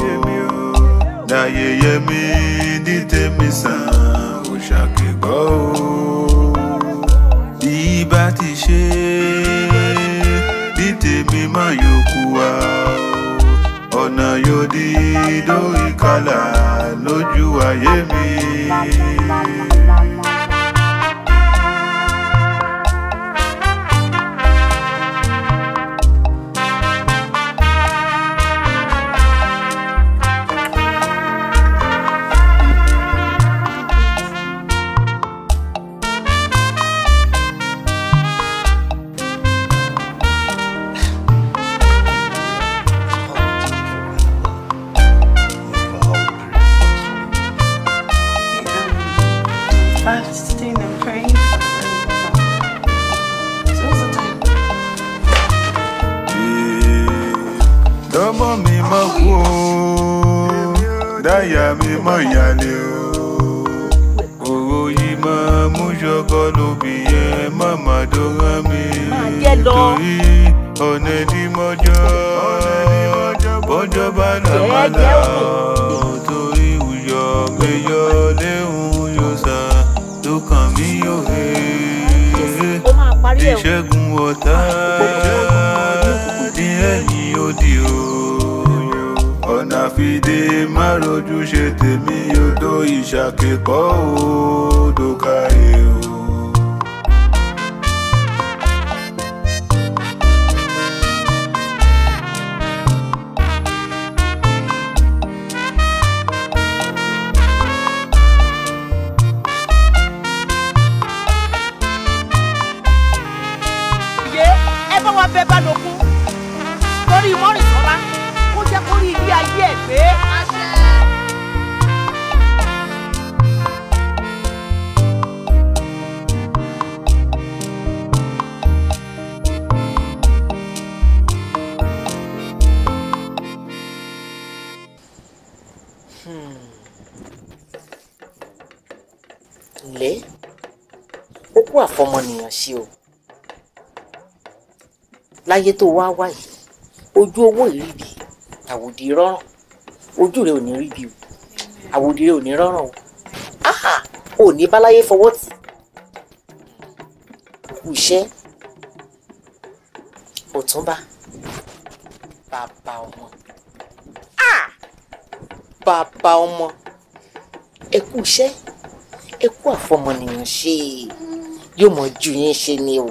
o láyé yẹmí ní tèmi sàn ò ṣàkẹ́gbọ́ o bí bá ti ṣe é ní tèmi má yòókù wa ọ̀nà yóò di dórí kálá lójú ayé mi. Iko dukai ayé tó wá wá yìí ojú owó ìríbi àwòdì rọrùn ojú rẹ ò ní ríbi o àwòdì rẹ ò ní rọrùn o áhà ò ní báláyé fọwọ́ tì kù iṣẹ́ ọ̀túnba bàbá ọmọ bàbá ọmọ ẹ kú iṣẹ́ ẹ kú àfọmọnìyàn ṣe yóò mọ̀ ju yín ṣe ni o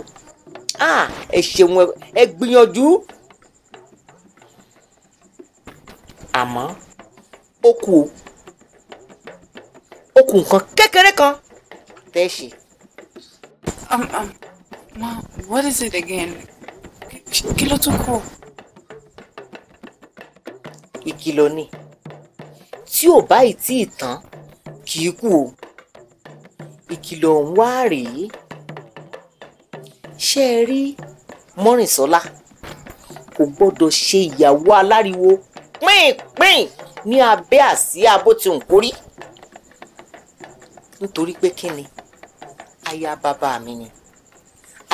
ẹ ṣeun ẹ gbìyànjú àmọ́ ó kù ó kù nǹkan kékeré kan tẹ́ ẹ ṣe. Um, um ma, what is it again? Kí ló tún kù? Ìkìlọ̀ ni. Tí ò bá ì tí ì tán, kì í kú o. Ìkìlọ̀ ń wá rèé ṣé ẹ rí Mọ́rìnsọ́lá kò gbọ́dọ̀ ṣe ìyàwó aláriwo pínpín ní abẹ́ àsíá bó ti ń kórí nítorí pé kí ni aya bàbá mi ni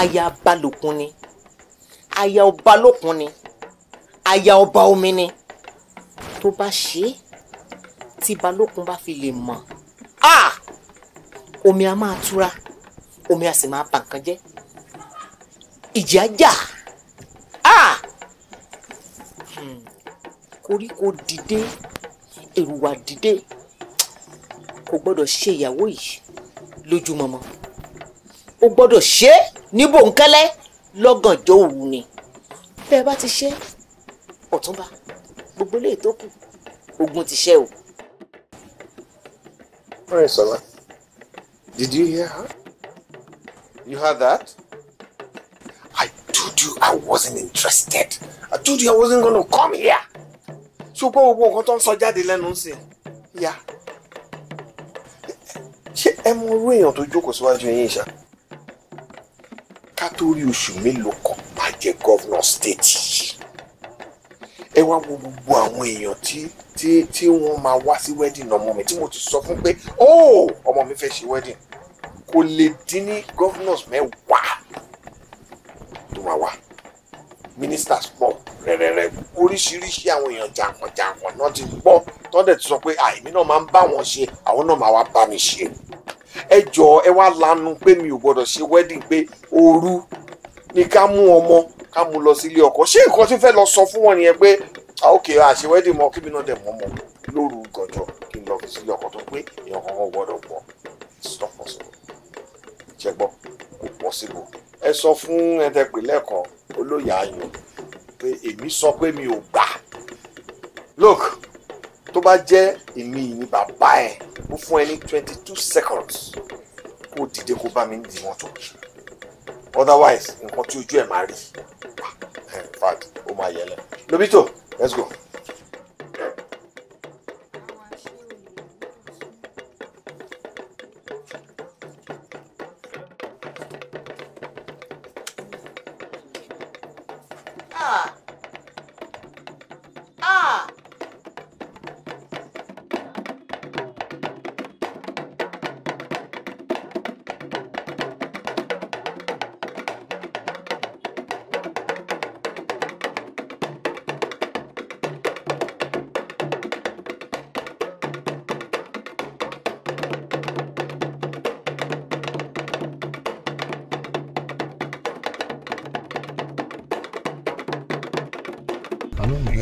aya balòkun ni aya ọba lókun ni aya ọba omi ni tó bá ṣe é tí balókun bá fi lè mọ̀ ah! omi a máa túra omi a sì máa bà nǹkan jẹ́ ìjì ajá koríko dìde èrùwà dìde kò gbọ́dọ̀ ṣe ìyàwó yìí lójúmọmọ o gbọ́dọ̀ ṣe ní bòńkẹ́lẹ́ lọ́gànjọ́ òru ni bẹ́ẹ̀ bá ti ṣe ọ̀túnba gbogbo ilé tó kù ogun ti ṣe o. right, Did you hear her? You heard that? you I wasn't interested. I told you I wasn't gonna come here. Ṣé o gbọ́ gbogbo nǹkan tó ń sọ jáde lẹ́nu ń sìn? Yá. Ṣé ẹ mọ orú èèyàn tó jókòó síwájú yín ṣá? Ká tó rí oṣù mélòó kan máa jẹ gọ́vnà stéètì yìí. Ẹ wá wo gbogbo àwọn èèyàn tí tí tí wọ́n máa wá sí wedding ọmọ mi tí mo ti sọ fún pé ó oh, ọmọ mi fẹ́ ṣe wedding kò lè dín ní gọ́vnọ̀s mẹ́wàá ìtura wa ministers pọ̀ rẹ̀rẹ̀rẹ̀ oríṣiríṣi àwọn èèyàn jàǹkànjàǹkàn náà ti gbọ́ tọ́dẹ̀ ti sọ pé àìmí náà máa ń bá wọn ṣe àwọn náà máa wá bá mi ṣe ẹ jọ ẹ wá lanu pé mi ò gbọdọ̀ ṣe wedding pé ooru ni ká mú ọmọ ká mú lọ sílé ọkọ ṣé nǹkan tí fẹ́ lọ sọ fún wọn nìyẹn pé ok àṣẹ wedding mọ kí mi náà dẹ̀ mọ́ mọ́ lóru gànjọ kí n lọ sílé ọkọ tó pé èèyàn kankan gbọdọ̀ pọ̀ it's possible ṣẹgbọ́ kò possible ẹ sọ fún ẹtẹpẹ lẹ́ẹ̀kan olóyè ayọ̀ pé èmi sọ pé mi ò gbà look tó bá jẹ́ èmi ni bàbá ẹ mo fún ẹ ní twenty two seconds kó o dìde kó bá mi ní ìmọ̀tò otherwise nǹkan tí ojú ẹ̀ máa rí ah, eh, in fact ó máa yẹlẹ lóbítò let's go.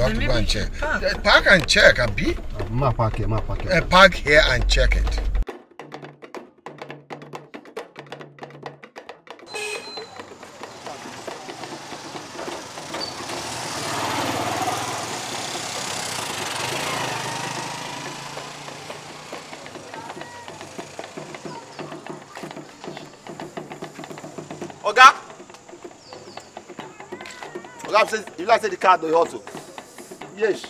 you have to go and check. Park. Uh, park and check, Abi. Ma park here, ma park here. Uh, park here and check it. Oga. Oga, you like say the car do you auto? Yes.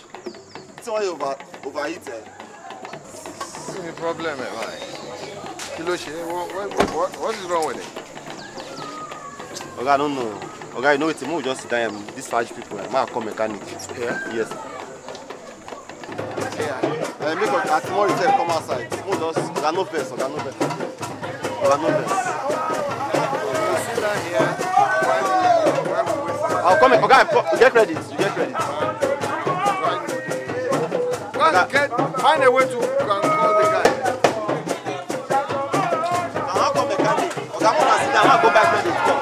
It's all over overheated. eh. Kí problem ẹ̀ báyìí? Kí ló ṣe? What is wrong with it? Oga, I don't know. Oga, you know it's Make we just sit These large people, I'm a call mechanic. Yeah? Yes. Yeah. Uh, make we at tomorrow you come outside. Make we just, oga no vex, oga no no vex. We'll sit down here. I'll come, Oga, you get credit, you get credit. Just get, find a way to call the guy. Now, how come the guy? Because I'm going to sit down and go back to the store.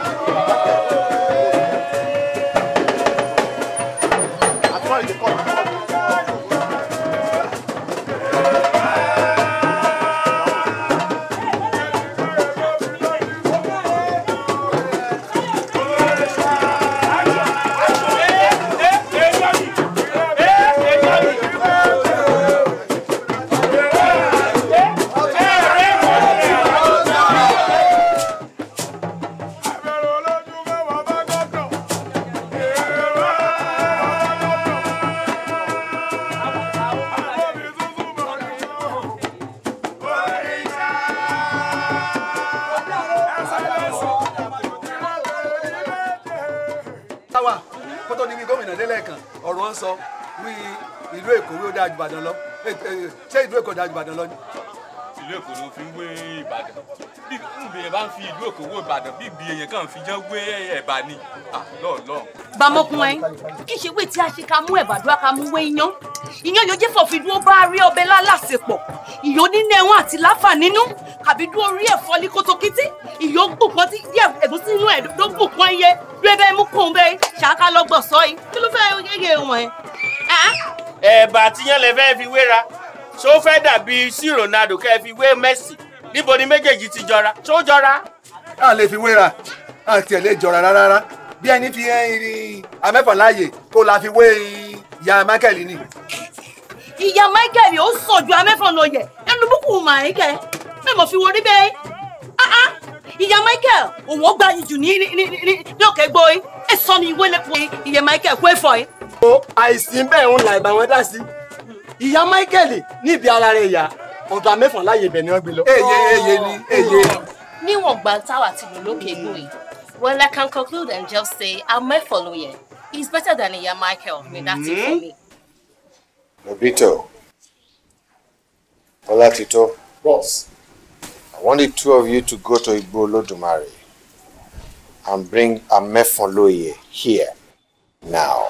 dáadáa ju Ìbàdàn lọ ni. ìlú Èkó ló fi ń wé Ìbàdàn bí èèyàn bá ń fi ìlú Èkó wé Ìbàdàn bí ibi èèyàn kan fi jẹ́ wé ẹ̀bà ni ah, lọ́ọ̀lọ́. gbàmọkùn ẹ kí ṣe wé tí a ṣe ká mú ẹ̀bàdúrà ká mú wé iyán iyán yóò jẹ́ fọ̀fi dúró bá rí ọbẹ̀ lálàsepọ̀ ìyó nínú ẹ̀wọ̀n àti láfà nínú kàbí dúró rí ẹ̀fọ́ ní kótókítí ìyó gbùnkan tí ẹ̀gúsí inú ẹ̀ ló gbùnkan iye bẹ́ẹ̀ mú kóun bẹ́ẹ̀ ṣáká lọ́gbọ̀ọ́sọ yìí kí ló fẹ́ yẹ wọn ẹ. ẹ̀bà àtiyán lè fẹ́ fi wéra ṣó fẹ́ dàbí sí Ronaldo kẹ́ fi wé Messi níbo ni méjèèjì ti jọra ṣó jọra. a lè fi wéra a tiẹ̀ lè jọra rárá bí ẹni fi irin amẹ́fọ̀láyè kó la fi wé ìyá Michael ni. ìyá Michael ó sọ ju amẹ́fọ̀lọ́yẹ̀ ẹnu búkú Michael bẹ́ẹ̀ mo fi wo rí bẹ́ẹ̀ ah, ah. ìyá Michael òun ó gba ìjù ní lókè gbóyè ẹ sọ ni ìwé lẹ́pọ̀ ìyá Michael kó ẹ̀fọ́ yìí. àìsí bẹ́ẹ̀ ń la ìbáwọn dá sí i ìyá Michael níbi ara rẹ̀ yá ọ̀dọ̀ amẹ́fọ̀n láàyè ibẹ̀ ni wọ́n gbé lọ. èyí èyí ni èyí. níwọ̀n gbà táwa ti lò lókè ìlú yìí well I can conclude and just say amẹ́fọ̀n ló yẹ he is better than ìyá Michael with that thing for mm-hmm. me. Mobito Olatito boss I want the two of you to go to Igbo Olodumare and bring Amefon Loye here now.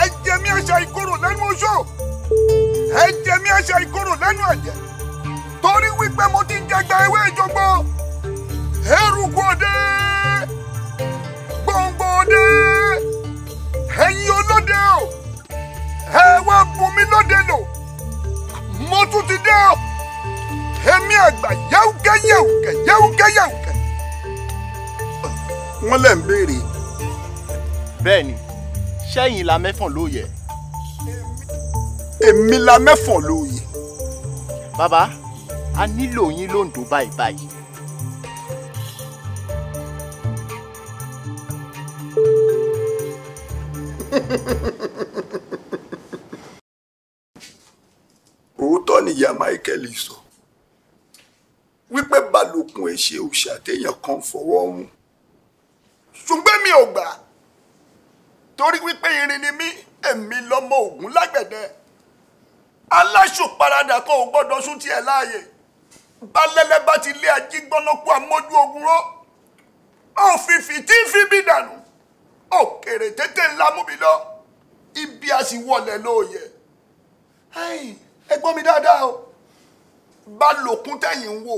ẹ jẹ mí àṣà ìkorò lẹ́nu oṣó ẹ jẹ mí àṣà ìkorò lẹ́nu àjẹ torí wípé mo ti ń jẹgba ewé ìjọgbọ eruku òde gbòǹgbò òde ẹ̀yin olóde o ẹ wá bùnmi lóde lò mo tún ti dé o èmi àgbà yẹ́wùkẹ́ yẹ́wùkẹ́ yẹ́wùkẹ́ yẹ́wùkẹ́. wọ́n lẹ́ ń béèrè. bẹ́ẹ̀ ni ṣẹ́yìn la mẹ́fọ̀n lóye. èmi la mẹ́fọ̀n lóye. bàbá a nílò yín lóńdó báyìí báyìí. òótọ́ ni ìyá Michael sọ wípé balùkùn èṣe òṣà téèyàn kan fọwọ́ mú ṣùgbọ́n mi ò gbà á torí wípé irin ni mí èmi lọmọ ògún lágbẹ̀dẹ aláṣùparadà kan ò gbọ́dọ̀ sún tiẹ̀ láàyè balẹ̀lẹ̀ bá ti lé ají gbọ́nọ́kú amójú ogun ró òfìfì tí ń fi bí dànù òkèrè tètè ńlá mú mi lọ ibi a sì wọlé lóòyè ẹ mi dáadáa o bá lòkún tẹ̀yìn ń wò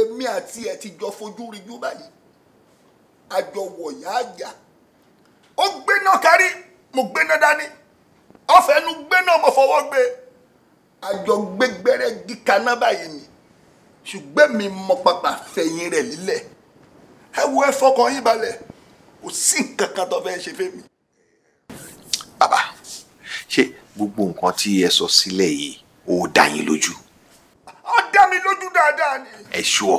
èmi àti ẹ̀ ti jọ fojú rí jú báyìí àjọwọ̀ yá àjà náà kárí mo gbé náà dání ọ̀fẹ́ nu gbé náà mo fọwọ́ gbé àjọ gbégbẹ́rẹ́ gíga náà báyìí ni ṣùgbẹ́ mi mọ pàpà fẹ̀yìn rẹ̀ lílẹ̀ ẹ wo ẹ fọkàn yín balẹ̀ kò sí nǹkan kan tó fẹ́ ṣe fẹ́mi. bàbá ṣé gbogbo nǹkan tí ẹ sọ sílẹ̀ yìí ó dá yín lójú. ó dá mi lójú dáadáa ni. ẹ ṣúọ.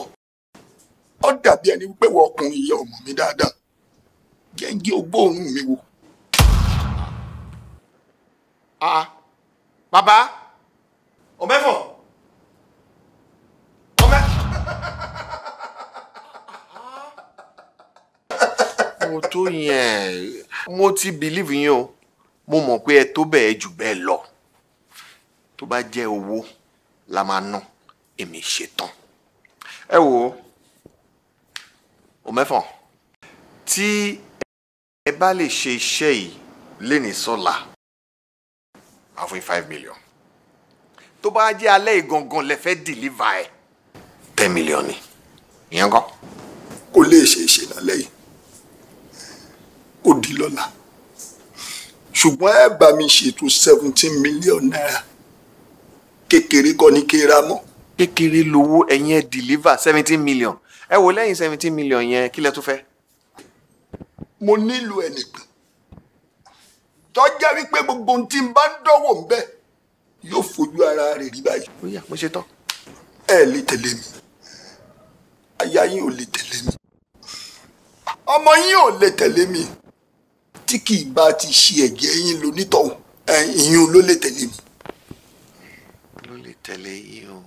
ó dàbí ẹni wípé wọ ọkùnrin ìyá ọmọ mi dáadáa jẹ́ ń mi wò ah bàbá o ọmẹ. mo tó yẹn mo ti believe yín o mo mọ̀ pé ẹ tó bẹ́ẹ̀ jù bẹ́ẹ̀ lọ tó bá jẹ́ owó la máa ná èmi ṣetán ẹ wò ó ọmẹfọ tí ẹ bá lè ṣe iṣẹ́ yìí lénìí sọ́la. So àwọn fún five million tó bá jẹ́ alẹ́ ìgangan lẹ fẹ́ deliver ẹ̀ ten million ni ìyẹn kọ́. kò lè ṣe é ṣe lálẹ́ yìí ó di lọ́la ṣùgbọ́n ẹ bá mi ṣètò seventeen million naira kékeré kọ́ ni kéra mọ́. kékeré lówó ẹ̀yin ẹ̀ deliver seventeen million ẹ wò lẹ́yìn seventeen million yẹn kí lẹ tó fẹ́. mo nílò ẹnìkan tọ́já wípé gbogbo ohun tí n bá ń dánwò ń bẹ́ yóò fojú ara rẹ̀ rí báyìí. ó yá mo ṣe tán. ẹ lè tẹ̀lé mi aya yín ò lè tẹ̀lé mi ọmọ yín ò lè tẹ̀lé mi tí kì í bá ti ṣe ẹ̀jẹ̀ yín lonítọ̀hún ìyún ló lè tẹ̀lé mi. ló lè tẹ̀lé yín o.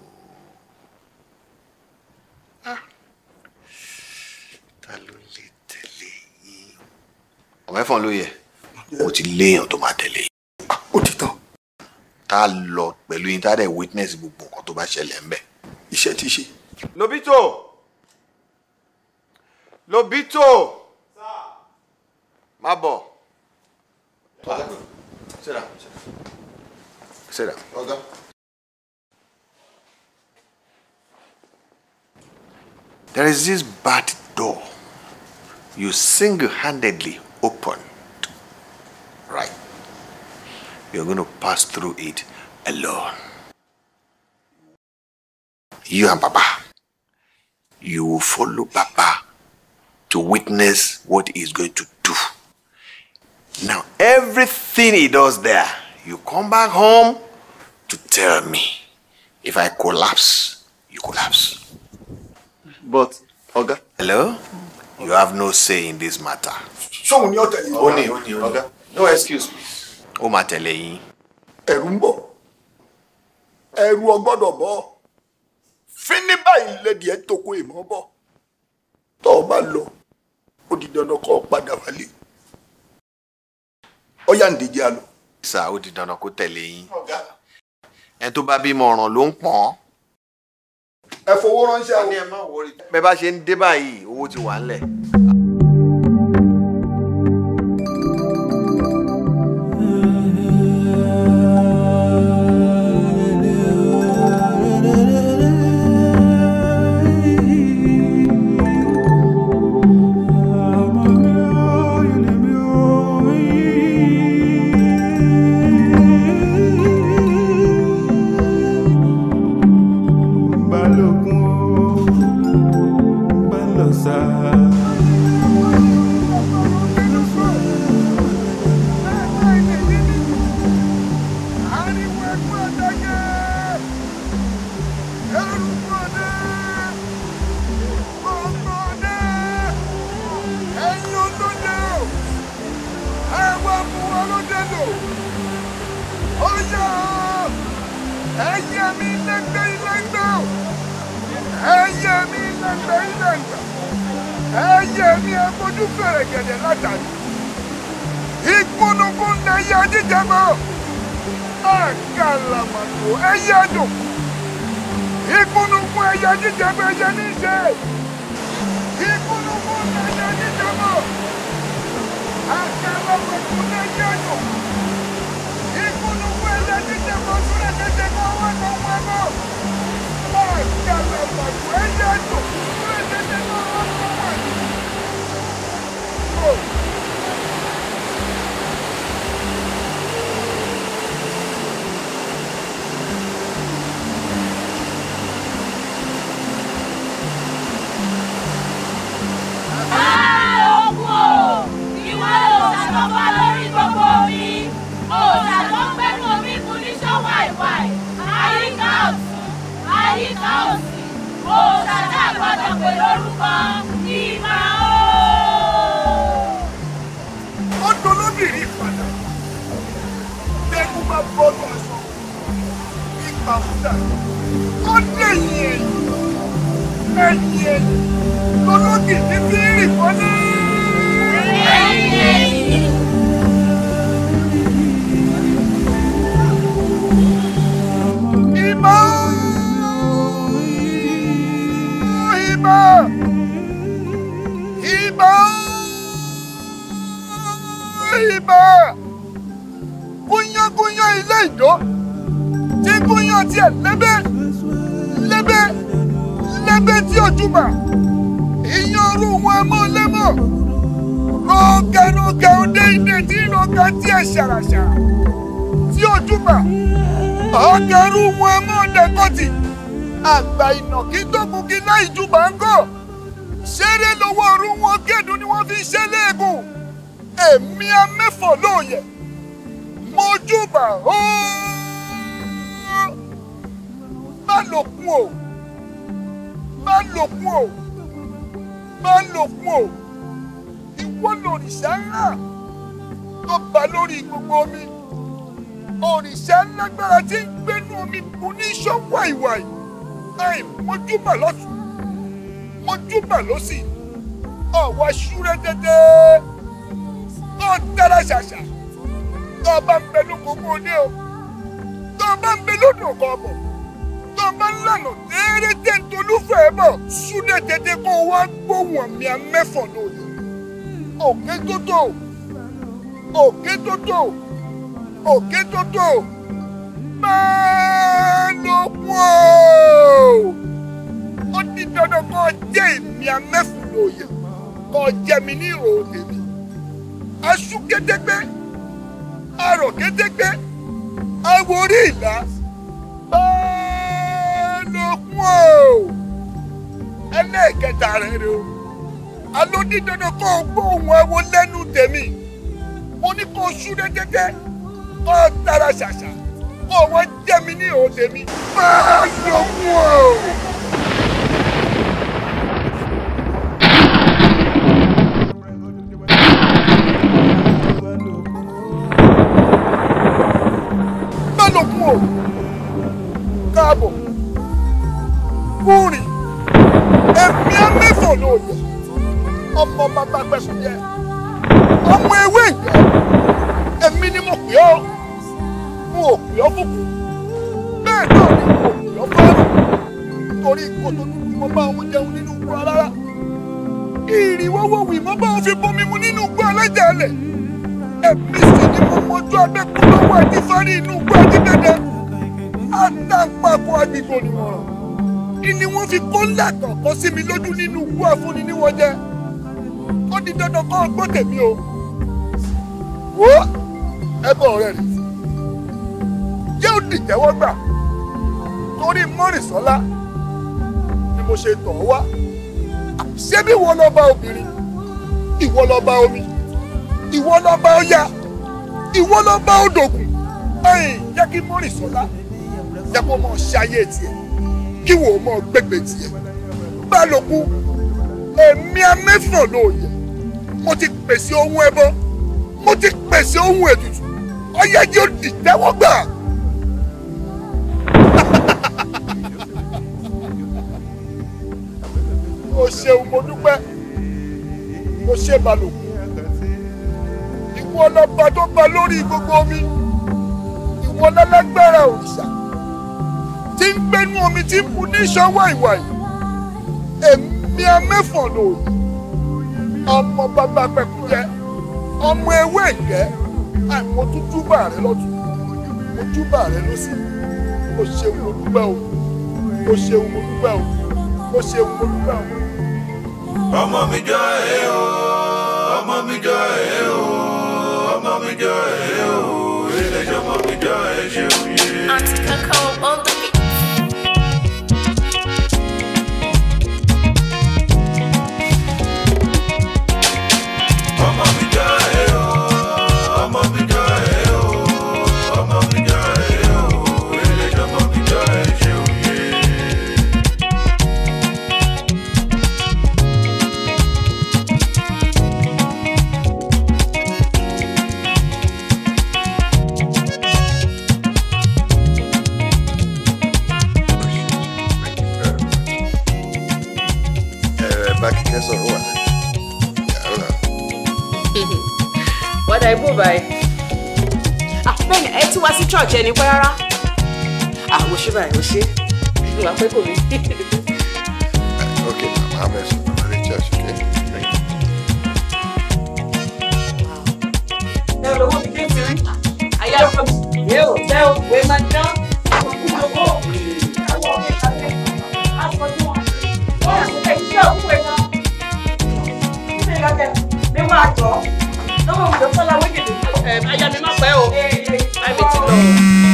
Ah! ta ló lè tẹ̀lé yín. ọ̀rẹ́ fọ́n ló yẹ o ti léèyàn tó máa tẹ̀lé yìí. ó ti tán. tá lọ pẹ̀lú yín tá witness gbogbo nǹkan tó bá ṣẹlẹ̀ ń bẹ̀. iṣẹ́ ti ṣe. lobito lobito má bọ̀. There is this bad door you single handedly open right. You're going to pass through it alone. You and Papa. You will follow Papa to witness what he's going to do. Now, everything he does there, you come back home to tell me. If I collapse, you collapse. But, Oga. Hello? You have no say in this matter. So, when you're telling Oni, Oga. no excuse please. ó máa tẹ̀lé yín. ẹ̀rù ń bọ̀ ẹ̀rù ọgbọ́dọ̀ bọ́ fíní báyìí lẹ́dí ẹ̀ tókó ìmọ̀ bọ̀ tó o bá lọ ó di dandan kó o padà wálé ó yà ń díje àlọ́. sà ó di dandan kó tẹ̀lé yín ẹni tó bá bímọ ọ̀ràn ló ń pọ̀n. ẹ fowó ránṣẹ́ o. bẹ́ẹ̀ bá ṣe ń dé báyìí owó ti wà ńlẹ̀. Lemo, lemo, rọkẹ rọkẹ ọdẹ iná tí rọkẹ tí ẹ ṣàràṣà tí ó túbà ọkẹrù wọn ẹmọ dẹkọtì àgbà ìnàkí tó kù kí láì túbà ń kọ ṣeré lọ́wọ́ ọrùn wọn gẹdùn ni wọ́n fi ń ṣe léegun èmi amẹfọ lóòyẹ mojúbà ó má lòkun o má lòkun o máa ń lòkun o ìwọ lòrìṣà ńlá tó bá lórí gbogbo omi òrìṣà lágbára tí ń gbénú omi bu ní ṣọ́wọ́ ìwàyí láì mojúbà lọ́tún mojúbà lọ́sì ọ̀wá ṣúrẹ́ dẹ́dẹ́ tó dára ṣàṣà tó bá ń bẹ lóko kó o dé o tó bá ń bẹ lódò kọ́ ọ̀bọ̀ tó bá lànà déédéé tolúfẹ́ bọ̀ súdé tètè kó wá gbóhùn àmì amẹ́fọ̀ lónìí. òkè tótó òkè tótó òkè tótó bẹ́ẹ̀ ló kú o. ó di dandan kó jẹ́ ìmì amẹ́fọ̀ lóye kó jẹ́ mi ní ìròyìn tèmi. aṣú kétégbé arọ̀ kétégbé awo orí ìlà bẹ́ẹ̀ lókun o ẹlẹ́ẹ̀kẹta rẹ̀ rẹ̀ o alódìdodo kó o gbóhùn ẹwo lẹ́nu tèmi mo ní kó o súré tètè kó o tara ṣàṣà kó o wọ́n jẹ́ mi ní ìhò tèmi máa lókun o. Cabo. wọ̀ lọ́nu ìwọ̀n bá wọn jẹun nínú igbó alára ìrìwọ́wọ́ ìwọ̀n bá wọn fi bomi mu nínú igbó alájà alẹ̀ ẹ̀mí sì ni mo mọjú abẹ́kú lọ́wọ́ àti sọ́rí inú igbó àdídẹ́dẹ́ àtàǹpàkò àgbègbè onímọ̀ràn ìní wọ́n fi kó ńlá kọ̀ọ̀kan sí mi lójú nínú igbó àfúnni níwọ̀jẹ́ ó di dandan kọ́ ọgbọ́n tèmi o wo ẹbọ rẹ rè yóò dìjẹ́wọ́ gbà torí mọ́rìnsọ́lá mo ṣe tàn án wá ṣebí ìwọ ló obìnrin ìwọ ló omi ìwọ ló bá ìwọ ló odògùn ẹ̀yìn jẹ́ kí mọ́rìn sọ́lá jẹ́ kó mọ́ ṣayé tiẹ̀ kí wò ó mọ́ gbẹ̀gbẹ̀ tiẹ̀ bá ló kú èmi amẹ́fọ̀ lóòyẹ̀ mo ti pèsè ohun ẹbọ mo ti pèsè ohun ètùtù ọyẹ́jì ó dìtẹ́wọ́gbà. o ṣeun mo dúpẹ́ o ṣe balùkù ìwọ lọba tó gba lórí gbogbo omi ìwọ lálágbára òrìṣà tí ń gbénu omi tí ń bu ní iṣan wáìwáì èmi amẹ́fọ̀n lòdì ọmọ bàbá pẹ̀kújẹ ọmọ ewé ìgbẹ́ àìmọ̀ tó júbà rẹ lọ́tún mo júbà rẹ lọ́sì o ṣeun mo dúpẹ́ o o ṣeun mo dúpẹ́ o o ṣeun mo dúpẹ́ o ọmọ mi jọ ẹ o ọmọ mi jọ ẹ o ọmọ mi jọ ẹ o ilé ìjọmọ mi jọ ẹ ṣe òye. àti kankan ọ̀dọ́. ẹ bó báyìí. Ah, bẹ́ẹ̀ni ẹ ti wá sí church ẹni pẹ́ rárá. àwọn ah, ṣé báyìí ó ṣe é wà pé kò rí. ok màmá bẹ sọ màmá lè jẹ kẹ. ẹ lọ wọ́n mi dé rí. ayé ọkọ mi yé o o wẹ́ẹ́ máa dán. Não, eu falei fm ayé mi má pẹ́ o láì mi o.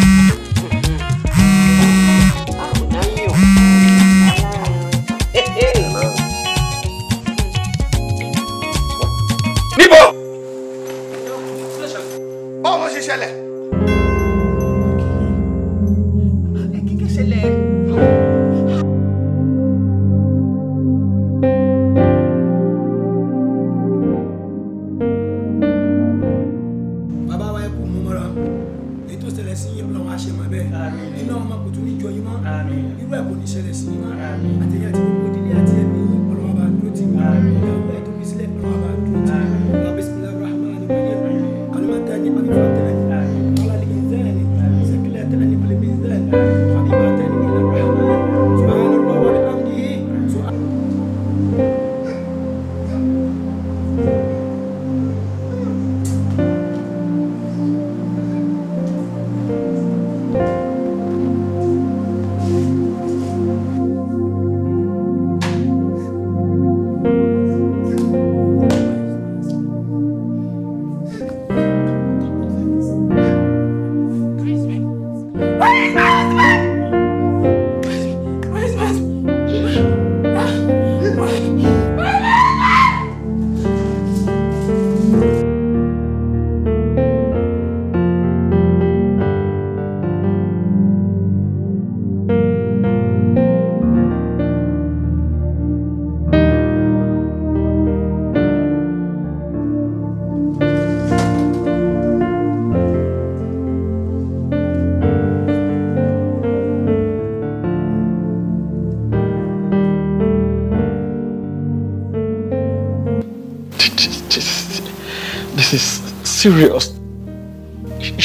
serious.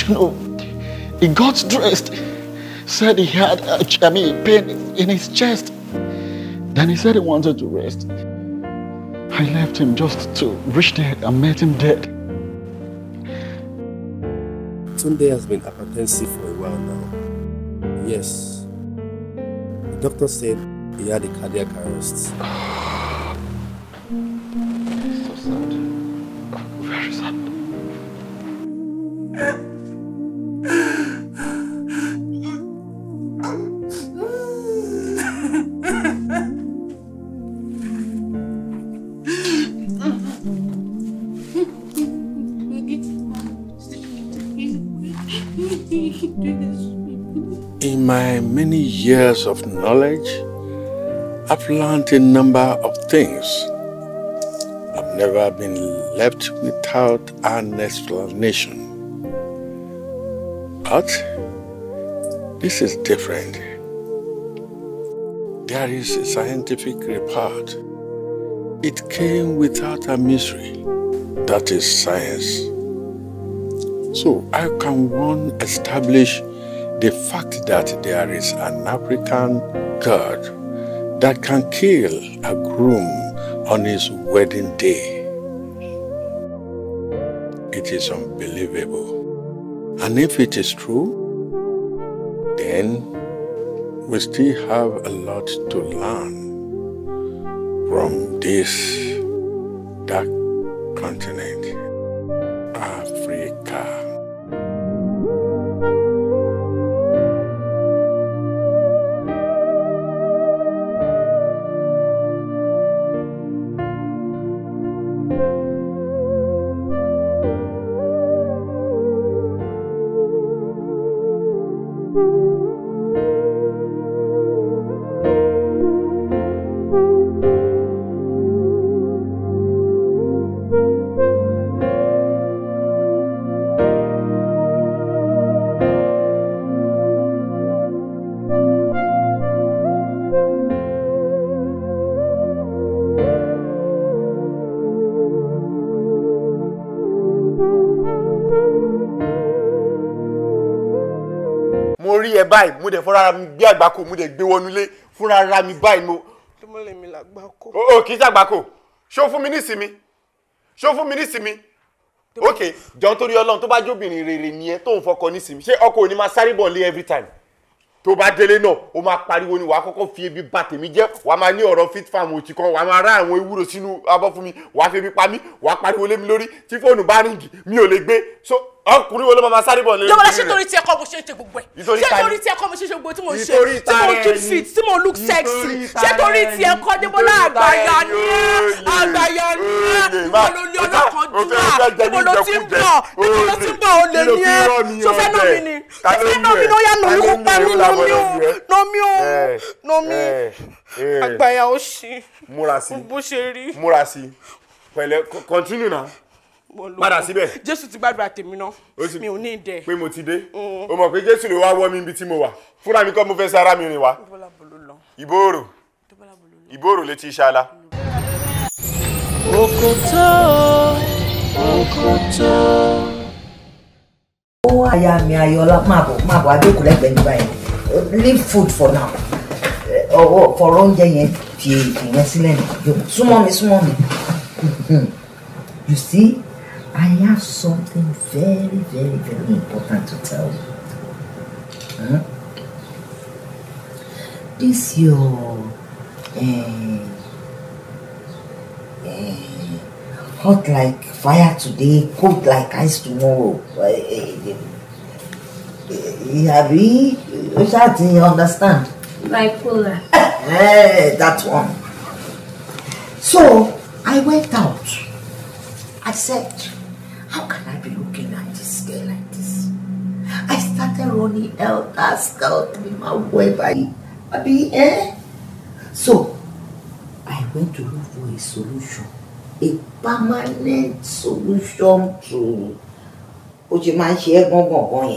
You know, he got dressed, said he had, a, I mean, pain in his chest. Then he said he wanted to rest. I left him just to reach there and met him dead. Sunday has been apprehensive for a while now. Yes. The doctor said he had a cardiac arrest. knowledge. I've learned a number of things. I've never been left without an explanation. But this is different. There is a scientific report. It came without a mystery. That is science. So I can one establish the fact that there is an African god that can kill a groom on his wedding day. It is unbelievable. And if it is true, then we still have a lot to learn from this dark continent, Africa. báyìí mo dẹ̀ fọ́nra mi gbé àgbákò mo dẹ̀ gbé wọnúlé fúnra ra mi báyìí mo. tọmọlẹ mi là o kì í ṣàgbákò ṣó fún mi ní ìsinmi ṣó fún mi ní ìsinmi ok jọ̀ọ́ torí Ọlọ́run tó bá jóbìnrin rere nìyẹn tó ń fọkọ ní ìsinmi ṣé ọkọ òní máa sáré bọ̀ nílé every time tó bá délé náà ó máa pariwo ni wàá kọ́kọ́ fi ebi bà tèmi jẹ́ wàá máa ní ọ̀rọ̀ fit farm òtí kan wàá máa rá àwọn ewúro sínú abọ́ fún mi wàá fi ebi pa mí wàá pariwo lé mi lórí tí fóònù bá ríǹgì mi ò lè gbé so ọkùnrin wo ló máa sáré bọ̀ lórí rẹ̀. lọ́wọ́lá ṣé torí tí ẹ̀kọ́ mo ṣe ṣe gbogbo ẹ̀ ṣé torí tí ẹ̀kọ́ mo ṣe ṣe gbogbo tí mo ṣe tí mo keep fit tí mo look sexy ṣé torí tí ẹ̀kọ́ débọ́lá àgbàyà ní àgbàyà ní ìwọ ló lé ló ti ń bọ̀ ìwọ ló ti ń bọ̀ ó ní ẹ́ tó fẹ́ ni tó fẹ́ ni ó yà nà kó pa mí nà mí ó nà mí àgbàyà ó ṣe bó ṣe rí. múra sí pẹ̀lẹ́ continue náà padà síbẹ̀. jésù ti gbàdúrà tèmi náà mi ò ní ìdẹ. pé mo ti dé mm. o mọ̀ pé jésù ló wá wọ́ mi ibi tí mo wà fúnra mi kọ́ mo fẹ́ sára mi rìn wá. ìbòòrò ìbòòrò létí ìṣáálá. òkòtó òkòtó. ó àyà mi ayọ̀lá máa bọ̀ máa bọ̀ adékùn lẹ́gbẹ̀ẹ́ nígbà yẹn leave food for now ọwọ́ fọ̀rọ̀ oúnjẹ yẹn fi ìyẹn sílẹ̀ nù súnmọ́ mi súnmọ́ mi you see. I have something very, very, very important to tell you. Huh? This your uh, uh, hot like fire today, cold like ice tomorrow. Eh, have we? That you understand? Bipolar. Hey, that one. So I went out. I said. I started running out that skull to be my way by Abi, eh? So, I went to look for a solution, a permanent solution to bó ṣe máa ń go go go,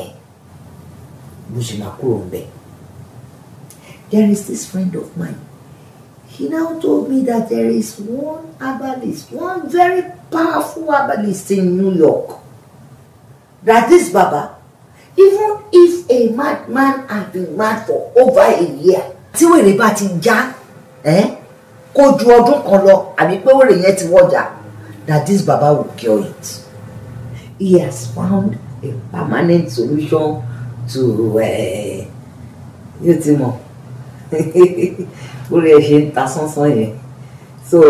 There is this friend of mine. He now told me that there is one herbalist, one very powerful herbalist in New York. That this Baba even if a madman had been mad for over a year tí wèrè bá ti já kó ju ọdún kan lọ àbí pé wèrè yẹn ti wọjà that this baba will cure it he has found a permanent solution to yóò ti mọ orí ẹ ṣe ń ta sánsán yẹn so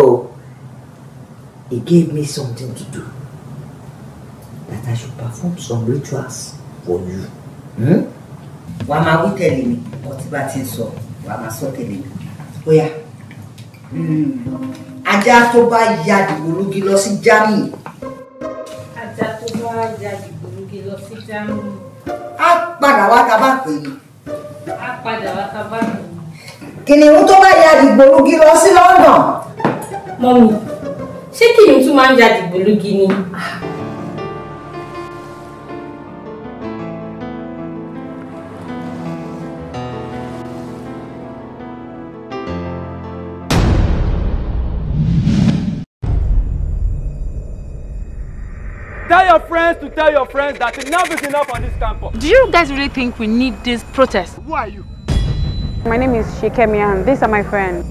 he gave me something to do that I should perform some rituals pọ̀ jù. Hmm? wàá máa wí tẹ̀lé mi ọtí bá ti ń sọ wàá máa sọ tẹ̀lé mi bóyá hmm. ajá tó bá ya dìgbòlugi lọ sí Germany. ajá tó bá ya dìgbòlugi lọ sí Germany. á padà wá tá a bá pè é. á padà wá tá a bá pè é. kìnìún tó bá ya dìgbòlugi lọ sí London. mọ́mí ṣé kìnìún tún máa ń ya dìgbòlugi ni. tell your friends that enough is enough on this campus. Do you guys really think we need this protest? Who are you? My name is Shekemian. these are my friends.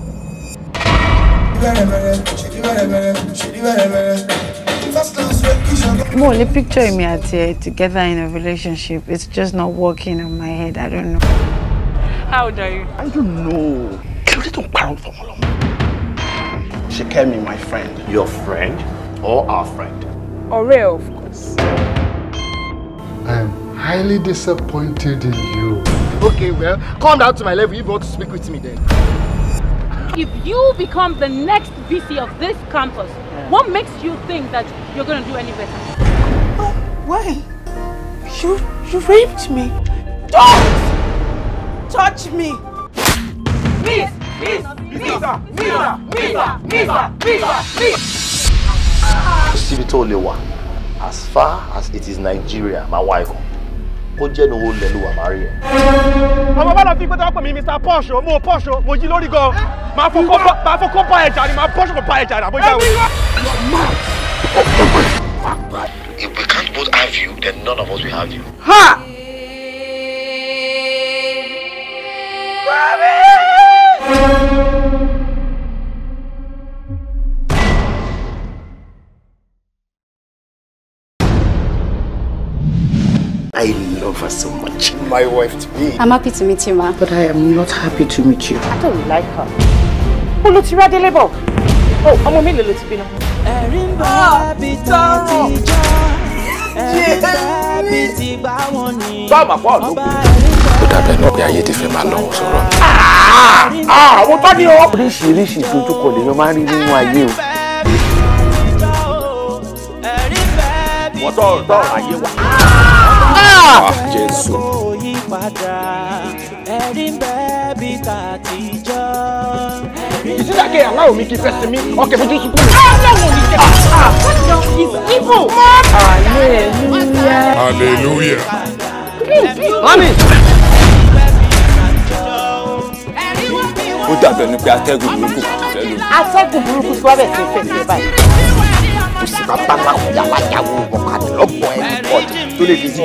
More the picture me at uh, together in a relationship. It's just not working on my head. I don't know. How old are you? I don't know. You really don't parrot for long. Shekemi, my friend. Your friend or our friend? Ọ̀rẹ́, of course. I am highly disappointed in you. Okay, well, come down to my level if you want to speak with me then. If you become the next VC of this campus, yeah. what makes you think that you're going to do any better? Oh, why? You, you raped me. Don't touch me. Miss, miss, miss, miss, miss, miss, miss, miss. Stevie told Lewa. as far as it is Nigeria my wife, ikọ̀ ó jẹ́ ní owó lẹ́nu wà máa rí ẹ̀. ọmọ bá lọ fi pẹ́tọ́ pè mí Mr Posh mo Posh o mo jí lórí gan máa fọkọ́ bá ẹja ni máa Posh kò bá ẹja ni àbójá o. If we can't both have you, then none of us will have you. Ha! Mommy! love her so much. My wife to be. I'm happy to meet you, ma. But I am not happy to meet you. I don't like her. Who looks ti ra Oh, I'm mélòó ló ti bí náà. Ẹ̀rín bá ah! bí tọrọ. Ah! Ah, ẹ̀rín bá bí ti bá wọn ni. Bá àmà pọ̀ ló kù. Ó dàbẹ̀ náà pé ayé ti is máa lọ́wọ́ sọ̀rọ̀. Àwọn tó ní o. Oríṣiríṣi ìdojúkọ lèèyàn máa ń rí nínú Ah, ah, jésù. ìsídàkẹ́ aláwọ̀ mi kì í fẹ́ sinmi ọkẹ́ fojú sunkún mi. aláwọ̀ mi kẹ́ is evil. hallelujah. hallelujah. mami. ó dàbẹ̀ ni pé atẹ́gùn burúkú kò fẹ́ lò. atẹ́gùn burúkú tí wọ́n bẹ̀ sí fẹ́ sí báyìí. kò sí bá bá máa ń yàwá yàwó ọkọ̀ àdìlọ́gbọ̀n ẹ̀ ní bọ́ọ̀dù. Tous les visites.